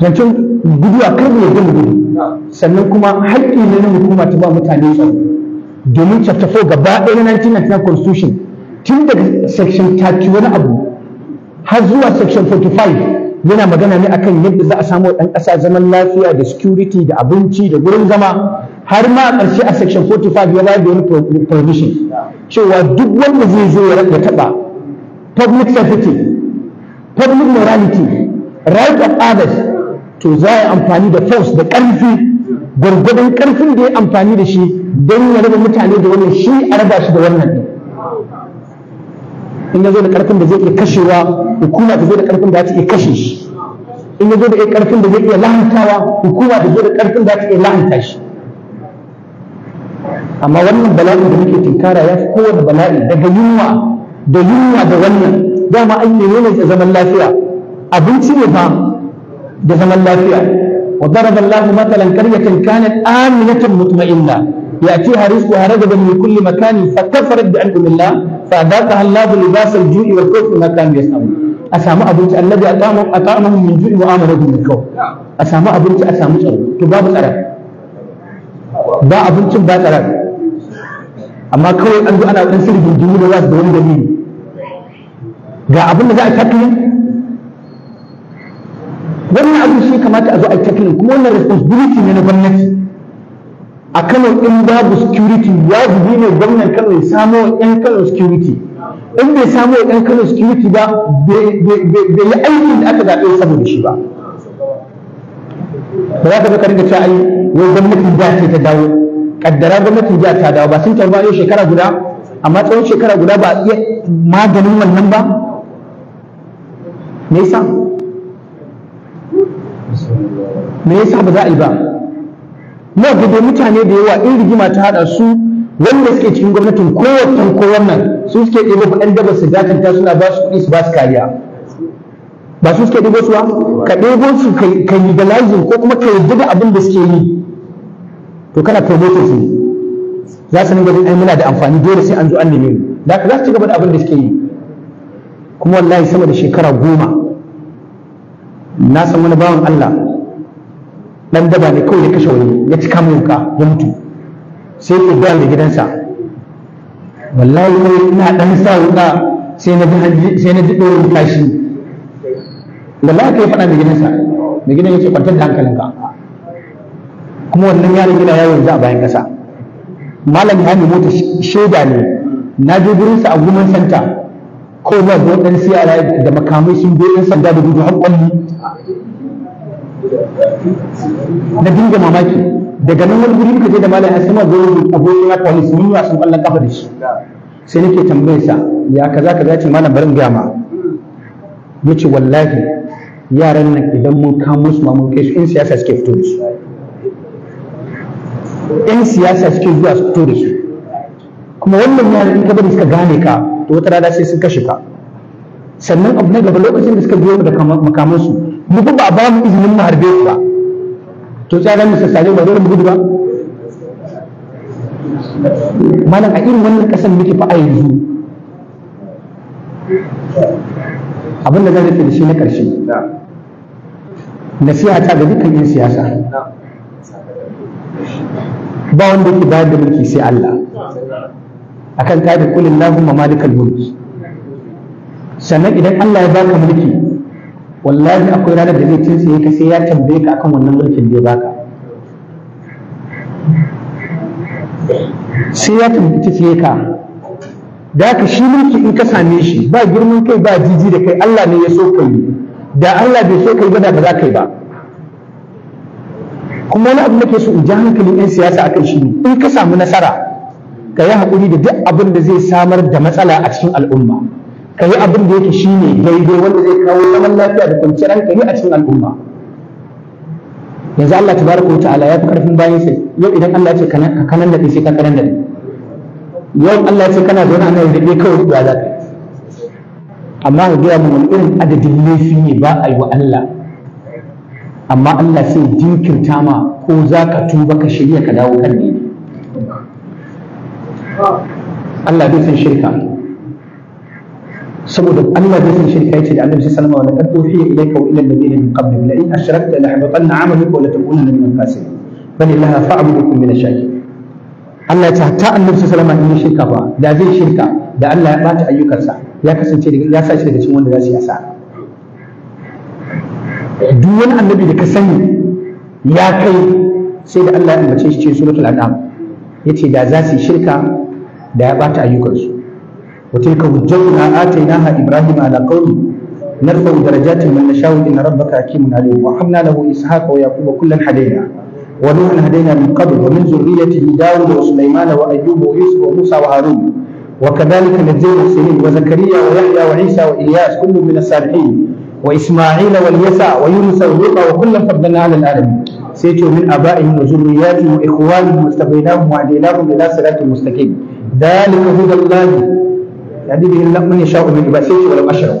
zancen guduwa kar mu yadda mu gudu sannan kuma haƙƙi ne na hukuma ta ba mutane tsaro domin chapter 4 gaba ɗaya na 1999 constitution tun daga section 30 wani abu har zuwa section 45 yana magana ne akan yadda za a samu ɗan ƙasa zaman lafiya da security da abinci da gurin zama har ma a ƙarshe a section 45 ya bayar da wani provision cewa duk wanda zai zo ya taɓa public safety public morality right of others to za a amfani da force da ƙarfi gwargwadon ƙarfin da ya amfani da shi don ya raba mutane da wannan shi a raba shi da wannan in ya zo da karfin da zai iya kashewa hukuma ta zo da karfin da za ta iya kashe shi in ya zo da iya karfin da zai iya lahantawa hukuma ta zo da karfin da za ta iya lahanta shi amma wannan bala'in da muke tinkara ya fi kowane bala'i daga yunwa da yunwa da wannan dama an yi ne da zaman lafiya abinci ne fa da zaman lafiya wa daraba Allahu matalan qaryatan kanat aminatan mutma'inna يأتيها رزقها رغدا من كل مكان فكفرت بأنعم الله فأذاقها الله لباس الجوع والخوف بما كانوا يصنعون أسامة أبنت الذي أطعمهم من جوع وآمنهم من خوف أسامة أبنت أسامة أبنت تباب الأرض ba abincin ba tsaron amma kawai an zo ana ɗan sirri da wasu da wani dalili ga a wannan abin shi kamata a zo a tackling kuma wannan responsibility ne na gwamnati a Kano in babu security wajibi ne gwamnan kano ya samo yan kano security in bai samo yan kano security ba bai yi aikin da aka zaɓe saboda shi ba ba za ka zaka ringa cewa ai wai gwamnatin da ce ta dawo kaddara gwamnatin da ta dawo ba sun tarba yau shekara guda amma tsawon shekara guda ba a iya maganin wannan ba me yasa me yasa ba za a yi ba na gudun mutane da yawa in rigima ta haɗa su wanda suke cikin gwamnatin kowace ko wannan su suke ɗebo kuɗin daba su ta suna ba su kuɗi su ba su kariya ba su suke ɗebo su ba ka ɗebo su ka yi legalizing ko kuma ka yi da abin da suke yi to kana promoting su za su nuna ai muna da amfani dole sai an zo an neme mu da za su ci gaba da abin da suke yi kuma wallahi sama da shekara goma na san wani bawan Allah dan daba ne kawai ya kashe wani ya cika kama ka ya mutu sai ya da gidansa wallahi kawai ina dan sa wuka sai na sai na ji wani kashi wallahi kai faɗa mai gidansa mai gidan ya ce kwantar da hankalinka kuma wannan yaron gida ya yanzu a bayan ƙasa malam ya nemo ta shaida ne na je gurinsa a guman santa ko ba ga ɗan yara da makamai sun biyo sanda da gudu har da dinga mamaki daga nan wani guri muka je da malam asma kuma abokin haka wani sun a sun kallon kafa da shi sai nake tambayar sa ya kaza kaza ce malam barin gaya ma yace wallahi yaran nan idan mun kamo su ma mun kai su in siyasa suke fito da su in siyasa suke zuwa su fito da su kuma wannan yaran in ka bari suka gane ka to wata rana sai sun kashe ka sannan abu na gaba lokacin da suka biyo da makamansu mu ba ba mu izinin mu harbe ba to sai ran mu sassare ba dole mu gudu ba malam a irin wannan kasan muke fa ayi yanzu abin da zai rufe da shi na ƙarshe nasiha ta ga dukkan yin siyasa ba wanda yake bayar da mulki sai Allah akan kaida kulin lahumma malikal mulk sannan idan Allah ya baka mulki wallahi akwai ranar da zai cinsu ka sai ya tambaye ka akan wannan mulkin da ya baka sai ya tambaye ka da ka shi mulki in ka same shi ba girman kai ba jiji da kai Allah ne ya so ka yi da Allah bai so ka yi ba da ba za ka yi ba kuma wani abu nake so in ji hankalin 'yan siyasa akan shi ne in ka samu nasara ka yi haƙuri da duk abin da zai samar da matsala a cikin al'umma ka yi abin da yake shi ne daidai wanda zai kawo zaman lafiya da kwanciyar hankali a cikin al'umma yanzu Allah ta baraka wa ta'ala ya fi karfin bayan sai yau idan Allah ce ka kanan da sai ka kanan da yau Allah ce kana zaune a nan ne kawai ba za ka amma ka gaya mu irin adadin laifi ne ba a yi wa Allah amma Allah sai jinkirta ma ko za ka tuba ka shirya ka dawo kan ne Allah bai san shirka saboda Allah bai san shirka yace da Annabi sallallahu alaihi wasallam laqad uhiya ilayka wa ila alladhina min qablik la in ashrakta la habatanna 'amaluka wa la takunanna min al-khasirin bal ilaha fa'budu min ash shaki. Allah ta ta annabi sallallahu alaihi wasallam shirka ba da zai shirka da Allah ya bata ayyukansa ya kasance ya sa daga cikin wanda za su yi asara duk wani annabi da ka sani ya kai sai da Allah ya ambace shi cikin suratul an'am yace da za su shirka da ya bata ayyukansu وتلك وجوهنا آتيناها إبراهيم على قومه نرفع درجات من نشاء إن ربك حكيم عليم وحمنا له إسحاق ويعقوب كلا هدينا ونوحا هدينا من قبل ومن ذريته داود وسليمان وأيوب ويوسف وموسى وهارون وكذلك نجزي المحسنين وزكريا ويحيى وعيسى وإياس كل من الصالحين وإسماعيل واليسع ويونس ولوطا وكلا فضلنا على العالمين سيتي من آبائهم وذرياتهم وإخوانهم واستبيناهم وهديناهم إلى صراط مستقيم ذلك هدى الله yadi bihi lam man yasha'u min ibadi sai wala ashra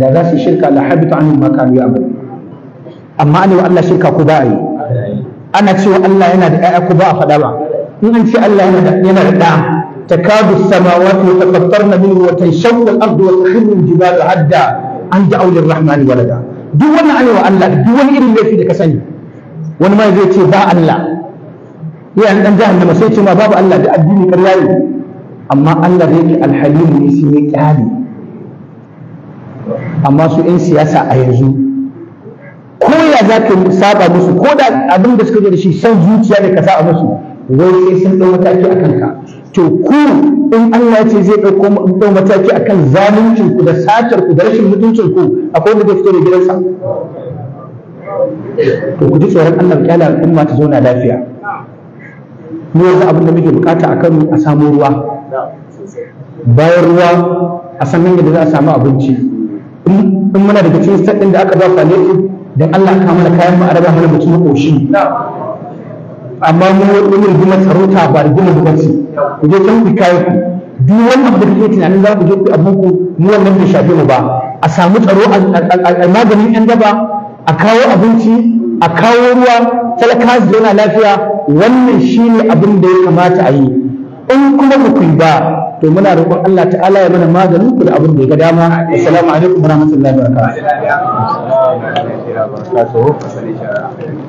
da za su shirka la habita anhum ma kanu ya'malu amma an wa Allah shirka ku ba yi ana cewa Allah yana da ƴaƴa ku ba a faɗa ba in an ce Allah yana da yana da ɗa takadu samawati yatafattarna minhu wa tanshaqqu al-ardu wa takhirru al-jibalu hadda an da'u lir-rahmani walada duk wannan an wa Allah duk wani irin laifi da ka sani wani ma zai ce ba Allah yayin dan jahannama sai ce ma babu Allah da addini ƙarya ne amma Allah da yake alhalimu ne sun yi kyale amma su 'yan siyasa a yanzu ko ya za ka saba musu ko da abin da suka zo da shi san zuciya da ka a musu wai sai sun ɗau mataki a kanka to ku in Allah ya ce zai ɗau mataki akan kan zaluncin ku da satar ku da rashin mutuncin ku akwai wanda zai fito da gidansa to ku ji tsoron Allah kyala al'umma ta zauna lafiya mu yanzu abin da muke bukata a Kano a samu ruwa bayan ruwa a sannan yadda za a samu abinci in muna daga cikin sadin da aka ba kwaleti don Allah ka mana kayan mu araba mana mutum ƙoshi amma mu wani rigimar tsaro ta ba gina gwamnati ku je can ku kayan ku duk wanda da kake tunanin za ku je ku abin ku mu wannan bai shafe mu ba a samu tsaro a maganin yan daba a kawo abinci a kawo ruwa talaka su zauna lafiya wannan shine abin da ya kamata a yi in kuma ku kuyi ba to muna roƙon Allah ta'ala ya mana maganin ku da abin da ya ga dama assalamu alaikum wa rahmatullahi wa barakatuh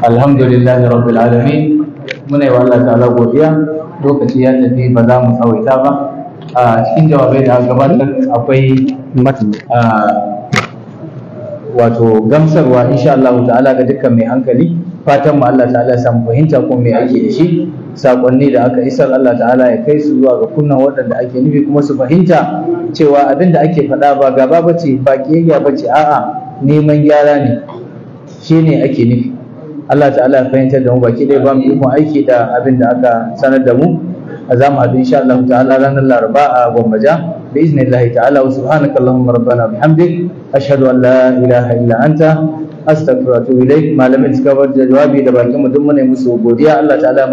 alhamdulillahi rabbil alamin muna yi wa Allah ta'ala godiya lokaci ya tafi ba za mu tsawaita ba a cikin jawabai da gabatar akwai wato gamsarwa insha Allah ta'ala ga dukkan mai hankali fatan mu Allah ta'ala ya samu fahimta ko mai aiki da shi sakonni da aka isar Allah ta'ala ya kai su zuwa ga kunnan waɗanda ake nufi kuma su fahimta cewa abin da ake faɗa ba gaba bace, ce ba ƙiyayya ba a'a neman gyara ne shi ne ake nufi Allah ta'ala ya fahimtar da mu baki ɗaya ba mu ikon aiki da abin da aka sanar da mu a zamu mu haɗu insha Allah ta'ala ranar laraba a gwammaja بإذن الله تعالى وسبحانك اللهم ربنا بحمدك أشهد أن لا إله إلا أنت أستغفرك وأتوب إليك ما لم يتكبر جوابي لبارك مدمن مسوق الله تعالى